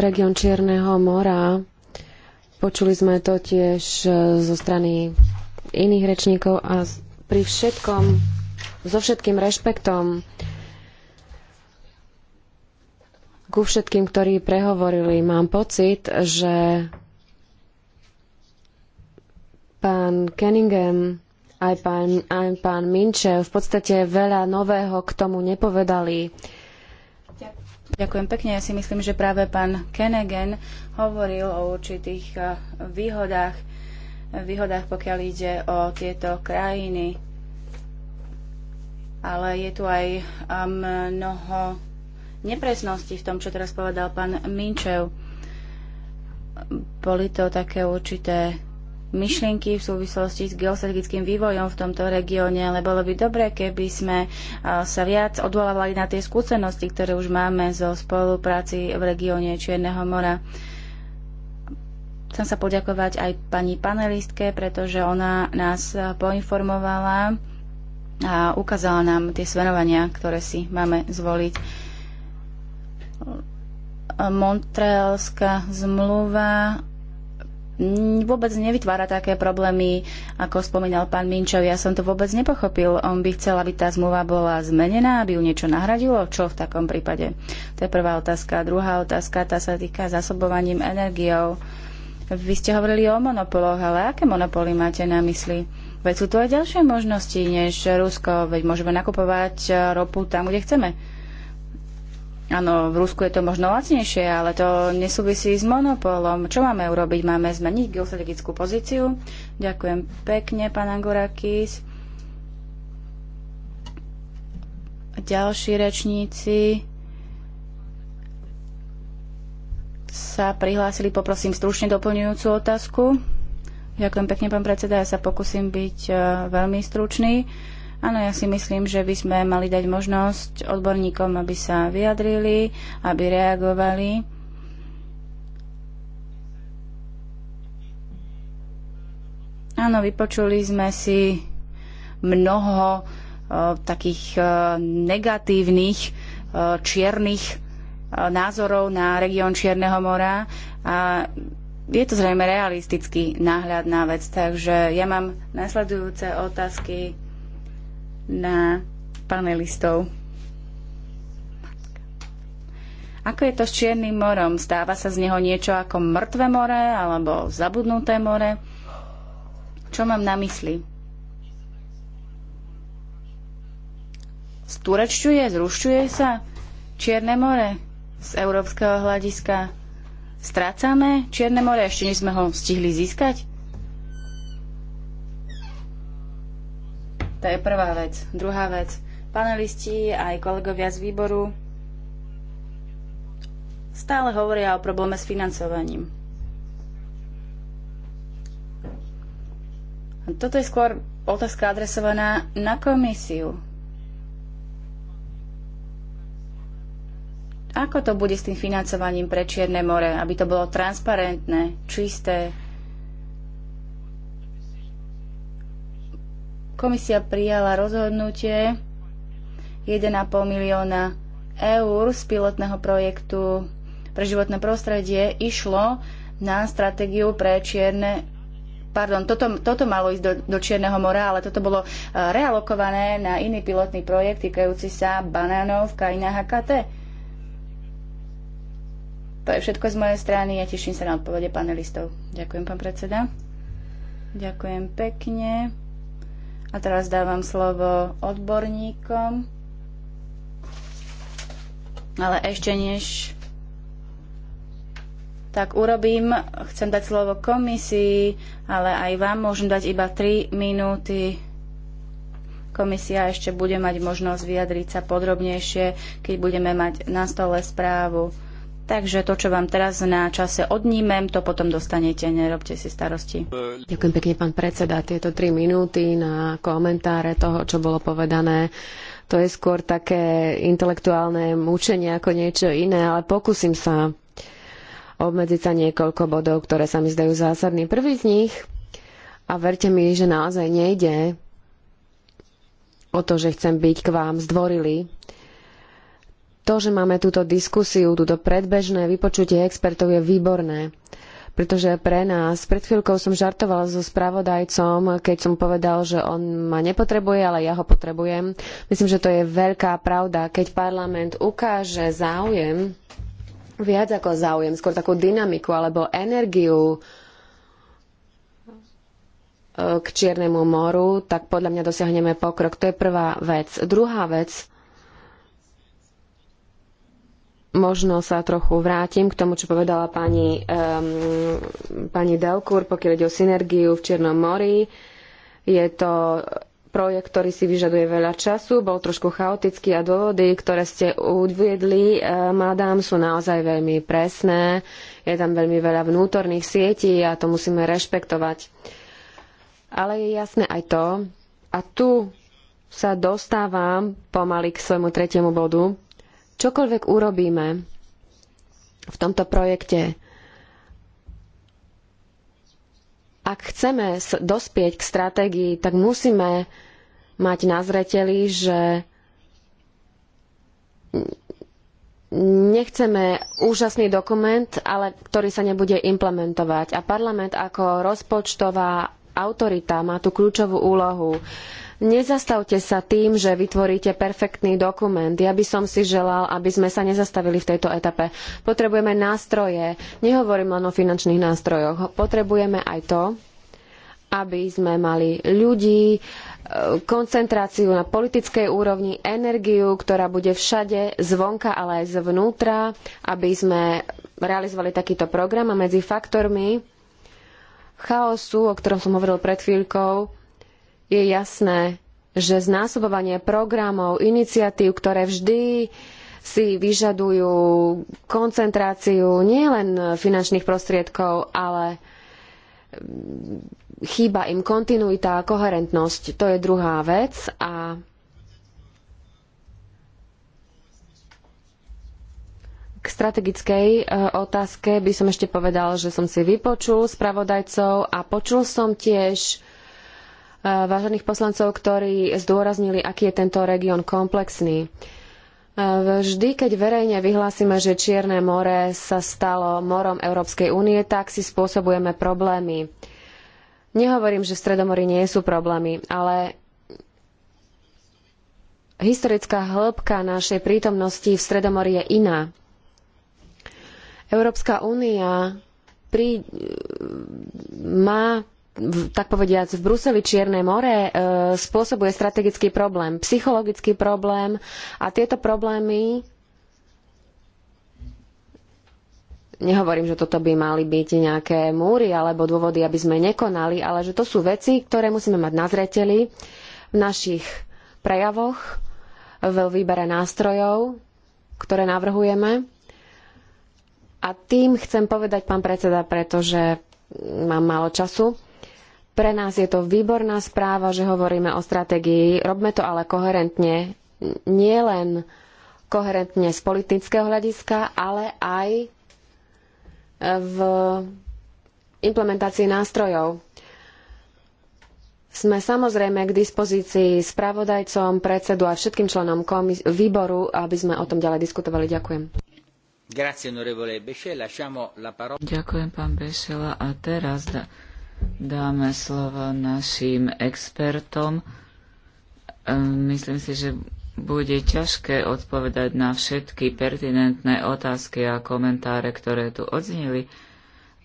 Región Čierneho mora. Počuli sme to tiež zo strany iných rečníkov a pri všetkom, so všetkým rešpektom ku všetkým, ktorí prehovorili, mám pocit, že pán Kenningham aj pán, aj pán Minčev v podstate veľa nového k tomu nepovedali. Ďakujem pekne. Ja si myslím, že práve pán Kenegen hovoril o určitých eh, výhodách, výhodách, pokiaľ ide o tieto krajiny. Ale je tu aj eh, mnoho nepresností v tom, čo teraz povedal pán Minčev. Boli to také určité myšlienky v súvislosti s geostrategickým vývojom v tomto regióne, ale bolo by dobré, keby sme sa viac odvolávali na tie skúsenosti, ktoré už máme zo spolupráci v regióne Čierneho mora. Chcem sa poďakovať aj pani panelistke, pretože ona nás poinformovala a ukázala nám tie svenovania, ktoré si máme zvoliť. Montrealská zmluva vôbec nevytvára také problémy, ako spomínal pán Minčov. Ja som to vôbec nepochopil. On by chcel, aby tá zmluva bola zmenená, aby ju niečo nahradilo. Čo v takom prípade? To je prvá otázka. Druhá otázka, tá sa týka zasobovaním energiou. Vy ste hovorili o monopoloch, ale aké monopoly máte na mysli? Veď sú tu aj ďalšie možnosti než Rusko, veď môžeme nakupovať ropu tam, kde chceme. Áno, v Rusku je to možno lacnejšie, ale to nesúvisí s monopolom. Čo máme urobiť? Máme zmeniť geostrategickú pozíciu? Ďakujem pekne, pán Angorakis. Ďalší rečníci sa prihlásili. Poprosím stručne doplňujúcu otázku. Ďakujem pekne, pán predseda. Ja sa pokúsim byť eh, veľmi stručný. Áno, ja si myslím, že by sme mali dať možnosť odborníkom, aby sa vyjadrili, aby reagovali. Áno, vypočuli sme si mnoho takých negatívnych, čiernych názorov na región Čierneho mora a je to zrejme realistický náhľad na vec, takže ja mám nasledujúce otázky na panelistov. Ako je to s Čiernym morom? Stáva sa z neho niečo ako mŕtve more alebo zabudnuté more? Čo mám na mysli? Sturečťuje, zrušťuje sa Čierne more z európskeho hľadiska. Strácame Čierne more, ešte než sme ho stihli získať? To je prvá vec. Druhá vec. Panelisti aj kolegovia z výboru stále hovoria o probléme s financovaním. Toto je skôr otázka adresovaná na komisiu. Ako to bude s tým financovaním pre Čierne more, aby to bolo transparentné, čisté, Komisia prijala rozhodnutie 1,5 milióna eur z pilotného projektu pre životné prostredie išlo na stratégiu pre čierne pardon, toto, toto malo ísť do, do Čierneho mora, ale toto bolo e, realokované na iný pilotný projekt týkajúci sa banánov v krajinách HKT. To je všetko z mojej strany. Ja teším sa na odpovede panelistov. Ďakujem, pán predseda. Ďakujem pekne. A teraz dávam slovo odborníkom. Ale ešte než tak urobím, chcem dať slovo komisii, ale aj vám môžem dať iba 3 minúty. Komisia ešte bude mať možnosť vyjadriť sa podrobnejšie, keď budeme mať na stole správu. Takže to, čo vám teraz na čase odnímem, to potom dostanete, nerobte si starosti. Ďakujem pekne, pán predseda. Tieto tri minúty na komentáre toho, čo bolo povedané, to je skôr také intelektuálne mučenie ako niečo iné, ale pokúsim sa obmedziť sa niekoľko bodov, ktoré sa mi zdajú zásadný. Prvý z nich, a verte mi, že naozaj nejde o to, že chcem byť k vám zdvorilý, to, že máme túto diskusiu, túto predbežné vypočutie expertov je výborné. Pretože pre nás, pred chvíľkou som žartovala so spravodajcom, keď som povedal, že on ma nepotrebuje, ale ja ho potrebujem. Myslím, že to je veľká pravda, keď parlament ukáže záujem, viac ako záujem, skôr takú dynamiku alebo energiu e, k Čiernemu moru, tak podľa mňa dosiahneme pokrok. To je prvá vec. Druhá vec, možno sa trochu vrátim k tomu, čo povedala pani, um, pani Delkur, pokiaľ ide o synergiu v Čiernom mori. Je to projekt, ktorý si vyžaduje veľa času, bol trošku chaotický a dôvody, ktoré ste uviedli, uh, madám, sú naozaj veľmi presné. Je tam veľmi veľa vnútorných sietí a to musíme rešpektovať. Ale je jasné aj to, a tu sa dostávam pomaly k svojmu tretiemu bodu, Čokoľvek urobíme v tomto projekte, ak chceme dospieť k stratégii, tak musíme mať na zreteli, že nechceme úžasný dokument, ale ktorý sa nebude implementovať. A parlament ako rozpočtová autorita má tu kľúčovú úlohu. Nezastavte sa tým, že vytvoríte perfektný dokument. Ja by som si želal, aby sme sa nezastavili v tejto etape. Potrebujeme nástroje. Nehovorím len o finančných nástrojoch. Potrebujeme aj to, aby sme mali ľudí, e, koncentráciu na politickej úrovni, energiu, ktorá bude všade zvonka, ale aj zvnútra, aby sme realizovali takýto program a medzi faktormi chaosu, o ktorom som hovoril pred chvíľkou, je jasné, že znásobovanie programov, iniciatív, ktoré vždy si vyžadujú koncentráciu nielen finančných prostriedkov, ale chýba im kontinuita a koherentnosť. To je druhá vec a k strategickej e, otázke by som ešte povedal, že som si vypočul spravodajcov a počul som tiež vážených poslancov, ktorí zdôraznili, aký je tento región komplexný. Vždy, keď verejne vyhlásime, že Čierne more sa stalo morom Európskej únie, tak si spôsobujeme problémy. Nehovorím, že v Stredomori nie sú problémy, ale historická hĺbka našej prítomnosti v Stredomori je iná. Európska únia pri... má tak povediac v Bruseli Čierne more e, spôsobuje strategický problém, psychologický problém a tieto problémy nehovorím, že toto by mali byť nejaké múry alebo dôvody, aby sme nekonali, ale že to sú veci, ktoré musíme mať na zreteli v našich prejavoch, v výbere nástrojov, ktoré navrhujeme. A tým chcem povedať, pán predseda, pretože mám málo času, pre nás je to výborná správa, že hovoríme o stratégii. Robme to ale koherentne. Nie len koherentne z politického hľadiska, ale aj e, v implementácii nástrojov. Sme samozrejme k dispozícii spravodajcom, predsedu a všetkým členom výboru, aby sme o tom ďalej diskutovali. Ďakujem. Ďakujem, pán Bešela. A teraz da- dáme slovo našim expertom. Ehm, myslím si, že bude ťažké odpovedať na všetky pertinentné otázky a komentáre, ktoré tu odznili,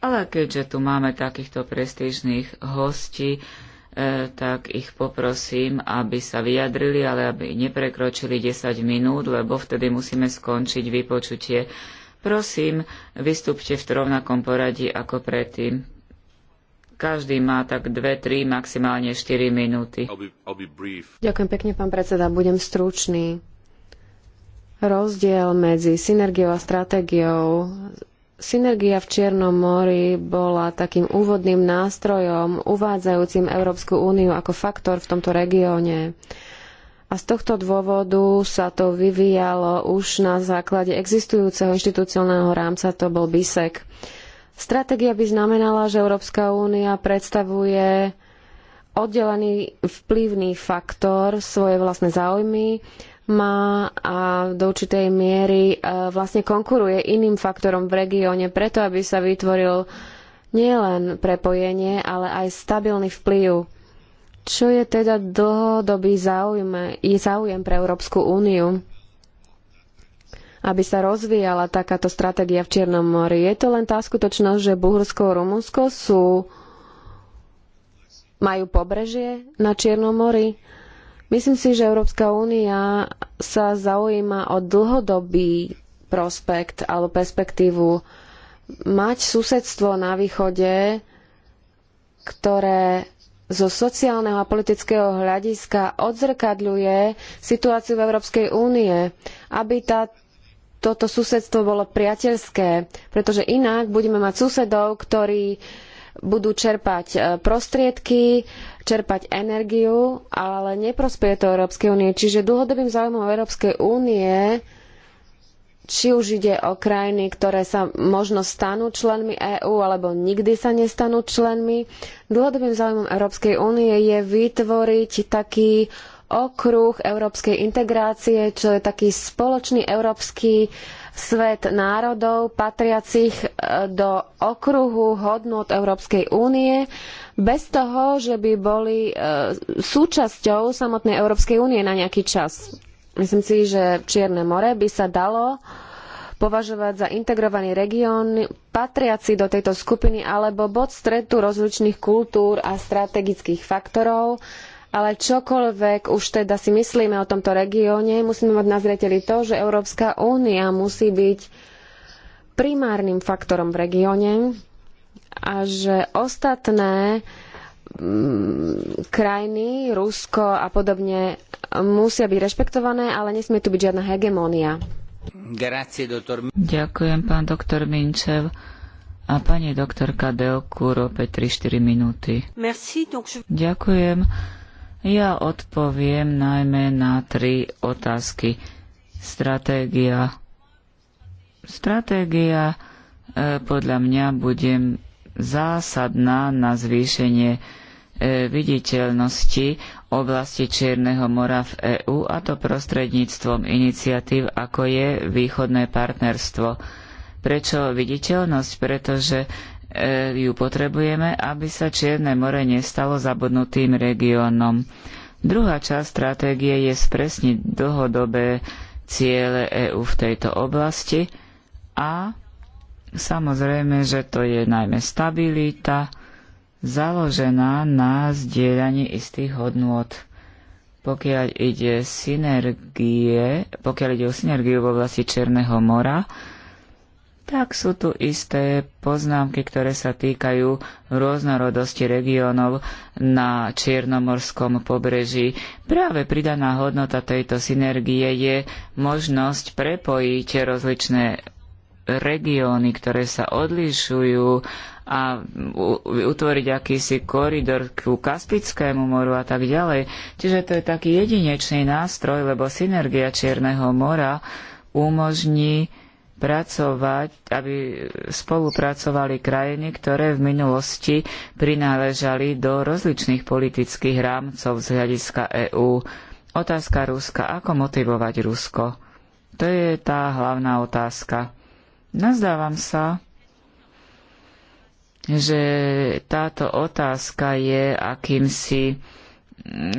ale keďže tu máme takýchto prestížnych hostí, eh, tak ich poprosím, aby sa vyjadrili, ale aby neprekročili 10 minút, lebo vtedy musíme skončiť vypočutie. Prosím, vystúpte v rovnakom poradí ako predtým. Každý má tak 2, 3, maximálne 4 minúty. I'll be, I'll be Ďakujem pekne, pán predseda. Budem stručný. Rozdiel medzi synergiou a stratégiou. Synergia v Čiernom mori bola takým úvodným nástrojom uvádzajúcim Európsku úniu ako faktor v tomto regióne. A z tohto dôvodu sa to vyvíjalo už na základe existujúceho inštitucionálneho rámca, to bol BISEK. Stratégia by znamenala, že Európska únia predstavuje oddelený vplyvný faktor, svoje vlastné záujmy, má a do určitej miery e, vlastne konkuruje iným faktorom v regióne preto, aby sa vytvoril nielen prepojenie, ale aj stabilný vplyv. Čo je teda dlhodobý záujem, je záujem pre Európsku úniu? aby sa rozvíjala takáto stratégia v Čiernom mori. Je to len tá skutočnosť, že Bulharsko a Rumunsko sú, majú pobrežie na Čiernom mori. Myslím si, že Európska únia sa zaujíma o dlhodobý prospekt alebo perspektívu mať susedstvo na východe, ktoré zo sociálneho a politického hľadiska odzrkadľuje situáciu v Európskej únie, aby tá toto susedstvo bolo priateľské, pretože inak budeme mať susedov, ktorí budú čerpať e, prostriedky, čerpať energiu, ale neprospeje to Európskej únie. Čiže dlhodobým záujmom Európskej únie či už ide o krajiny, ktoré sa možno stanú členmi EÚ alebo nikdy sa nestanú členmi. Dlhodobým záujmom Európskej únie je vytvoriť taký okruh európskej integrácie, čo je taký spoločný európsky svet národov patriacich e, do okruhu hodnot Európskej únie bez toho, že by boli e, súčasťou samotnej Európskej únie na nejaký čas. Myslím si, že Čierne more by sa dalo považovať za integrovaný región patriaci do tejto skupiny alebo bod stretu rozličných kultúr a strategických faktorov, ale čokoľvek už teda si myslíme o tomto regióne, musíme mať na zreteli to, že Európska únia musí byť primárnym faktorom v regióne a že ostatné mm, krajiny, Rusko a podobne musia byť rešpektované, ale nesmie tu byť žiadna hegemónia. Ďakujem, pán doktor Minčev. A pani doktorka Del Kuro, 3-4 minúty. Merci, donc... Ďakujem. Ja odpoviem najmä na tri otázky. Stratégia. Stratégia e, podľa mňa bude zásadná na zvýšenie e, viditeľnosti oblasti Čierneho mora v EÚ a to prostredníctvom iniciatív, ako je východné partnerstvo. Prečo viditeľnosť? Pretože E, ju potrebujeme, aby sa Čierne more nestalo zabudnutým regiónom. Druhá časť stratégie je spresniť dlhodobé ciele EÚ v tejto oblasti a samozrejme, že to je najmä stabilita, založená na zdieľaní istých hodnôt. Pokiaľ ide, synergie, pokiaľ ide o synergiu v oblasti Černého mora, tak sú tu isté poznámky, ktoré sa týkajú rôznorodosti regiónov na Čiernomorskom pobreží. Práve pridaná hodnota tejto synergie je možnosť prepojiť rozličné regióny, ktoré sa odlišujú a utvoriť akýsi koridor ku Kaspickému moru a tak ďalej. Čiže to je taký jedinečný nástroj, lebo synergia Čierneho mora umožní pracovať, aby spolupracovali krajiny, ktoré v minulosti prináležali do rozličných politických rámcov z hľadiska EÚ. Otázka Ruska. Ako motivovať Rusko? To je tá hlavná otázka. Nazdávam sa, že táto otázka je akýmsi,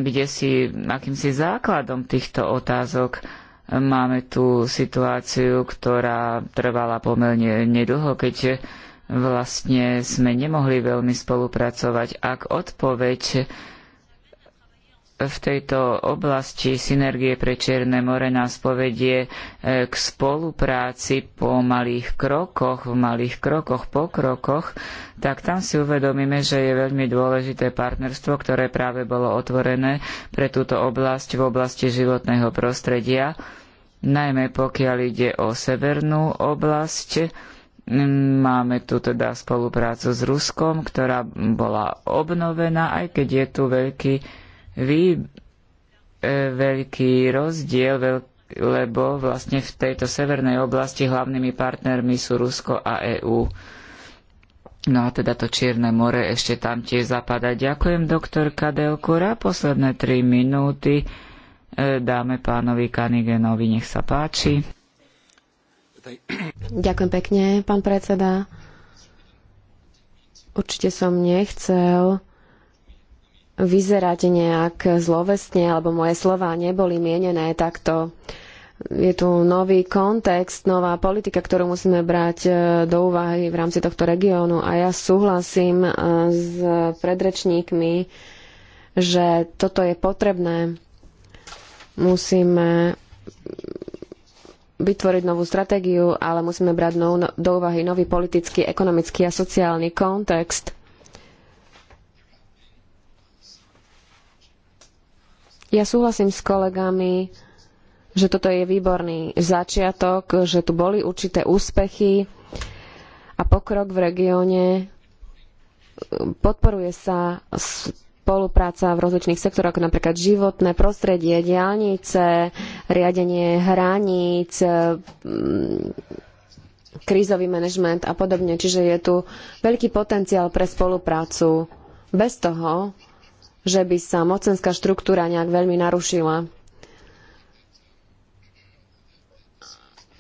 kde si, akýmsi základom týchto otázok Máme tu situáciu, ktorá trvala pomerne nedlho, keď vlastne sme nemohli veľmi spolupracovať. Ak odpoveď v tejto oblasti synergie pre Čierne more nás povedie e, k spolupráci po malých krokoch, v malých krokoch, po krokoch, tak tam si uvedomíme, že je veľmi dôležité partnerstvo, ktoré práve bolo otvorené pre túto oblasť v oblasti životného prostredia najmä pokiaľ ide o severnú oblasť. Máme tu teda spoluprácu s Ruskom, ktorá bola obnovená, aj keď je tu veľký, vý, e, veľký rozdiel, veľk, lebo vlastne v tejto severnej oblasti hlavnými partnermi sú Rusko a EÚ. No a teda to Čierne more ešte tam tiež zapadá. Ďakujem doktor Kadelkura. Posledné tri minúty E, dáme pánovi Kanigenovi. Nech sa páči. Ďakujem pekne, pán predseda. Určite som nechcel vyzerať nejak zlovestne, alebo moje slova neboli mienené takto. Je tu nový kontext, nová politika, ktorú musíme brať e, do úvahy v rámci tohto regiónu a ja súhlasím e, s predrečníkmi, že toto je potrebné Musíme vytvoriť novú stratégiu, ale musíme brať no, no, do úvahy nový politický, ekonomický a sociálny kontext. Ja súhlasím s kolegami, že toto je výborný začiatok, že tu boli určité úspechy a pokrok v regióne. Podporuje sa spolupráca v rozličných sektoroch, ako napríklad životné prostredie, diálnice, riadenie hraníc, mm, krízový manažment a podobne. Čiže je tu veľký potenciál pre spoluprácu bez toho, že by sa mocenská štruktúra nejak veľmi narušila.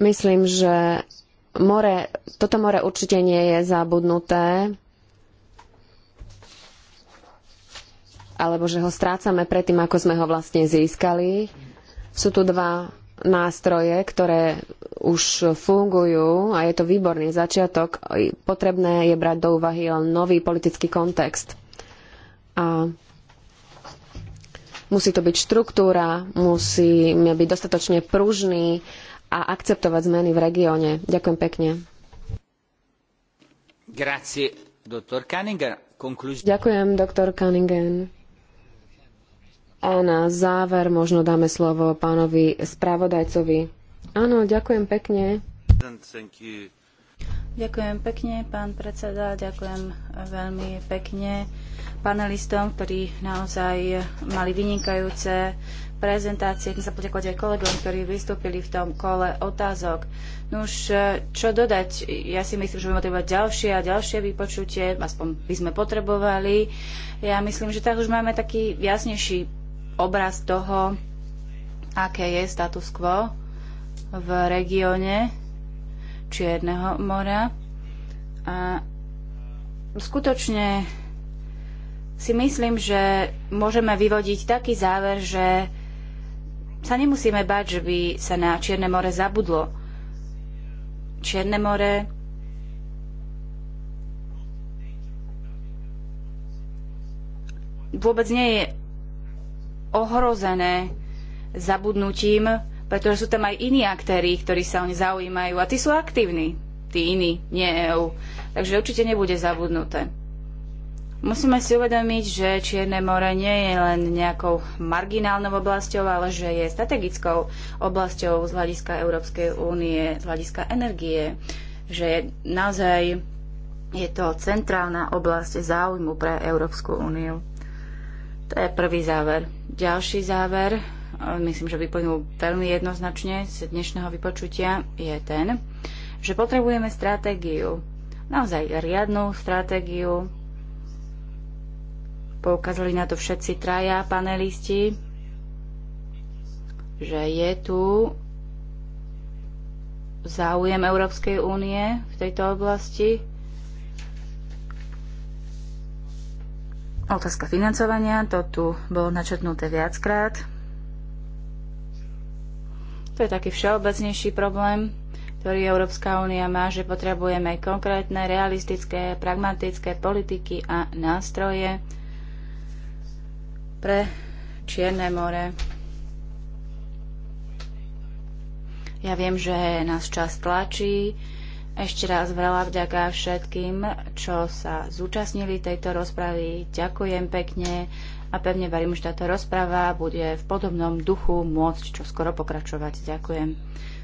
Myslím, že more, toto more určite nie je zabudnuté alebo že ho strácame predtým, ako sme ho vlastne získali. Sú tu dva nástroje, ktoré už fungujú a je to výborný začiatok. Potrebné je brať do úvahy len nový politický kontext. A musí to byť štruktúra, musíme byť dostatočne pružný a akceptovať zmeny v regióne. Ďakujem pekne. Grazie, doktor Ďakujem, doktor Cunningham. A na záver možno dáme slovo pánovi spravodajcovi. Áno, ďakujem pekne. Ďakujem pekne, pán predseda, ďakujem veľmi pekne panelistom, ktorí naozaj mali vynikajúce prezentácie. Chcem sa poďakovať aj kolegom, ktorí vystúpili v tom kole otázok. No už čo dodať? Ja si myslím, že budeme potrebovať ďalšie a ďalšie vypočutie, aspoň by sme potrebovali. Ja myslím, že tak už máme taký jasnejší obraz toho, aké je status quo v regióne Čierneho mora. A skutočne si myslím, že môžeme vyvodiť taký záver, že sa nemusíme bať, že by sa na Čierne more zabudlo. Čierne more vôbec nie je ohrozené zabudnutím, pretože sú tam aj iní aktéry, ktorí sa o ne zaujímajú a tí sú aktívni, tí iní, nie EÚ. Takže určite nebude zabudnuté. Musíme si uvedomiť, že Čierne more nie je len nejakou marginálnou oblasťou, ale že je strategickou oblasťou z hľadiska Európskej únie, z hľadiska energie, že je naozaj je to centrálna oblasť záujmu pre Európsku úniu. To je prvý záver. Ďalší záver, eh, myslím, že vyplnil veľmi jednoznačne z dnešného vypočutia, je ten, že potrebujeme stratégiu, naozaj riadnú stratégiu. Poukázali na to všetci traja panelisti, že je tu záujem Európskej únie v tejto oblasti Otázka financovania, to tu bolo načetnuté viackrát. To je taký všeobecnejší problém, ktorý Európska únia má, že potrebujeme konkrétne, realistické, pragmatické politiky a nástroje pre Čierne more. Ja viem, že nás čas tlačí, ešte raz veľa vďaka všetkým, čo sa zúčastnili tejto rozpravy. Ďakujem pekne a pevne verím, že táto rozprava bude v podobnom duchu môcť čo skoro pokračovať. Ďakujem.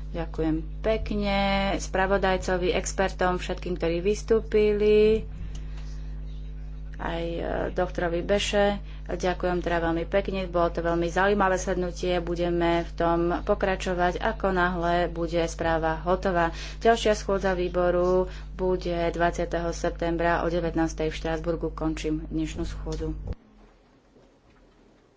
Ďakujem pekne spravodajcovi, expertom, všetkým, ktorí vystúpili, aj eh, doktorovi Beše. Ďakujem teda veľmi pekne, bolo to veľmi zaujímavé sednutie, budeme v tom pokračovať, ako náhle bude správa hotová. Ďalšia schôdza výboru bude 20. septembra o 19. v Štrásburgu. Končím dnešnú schôdzu.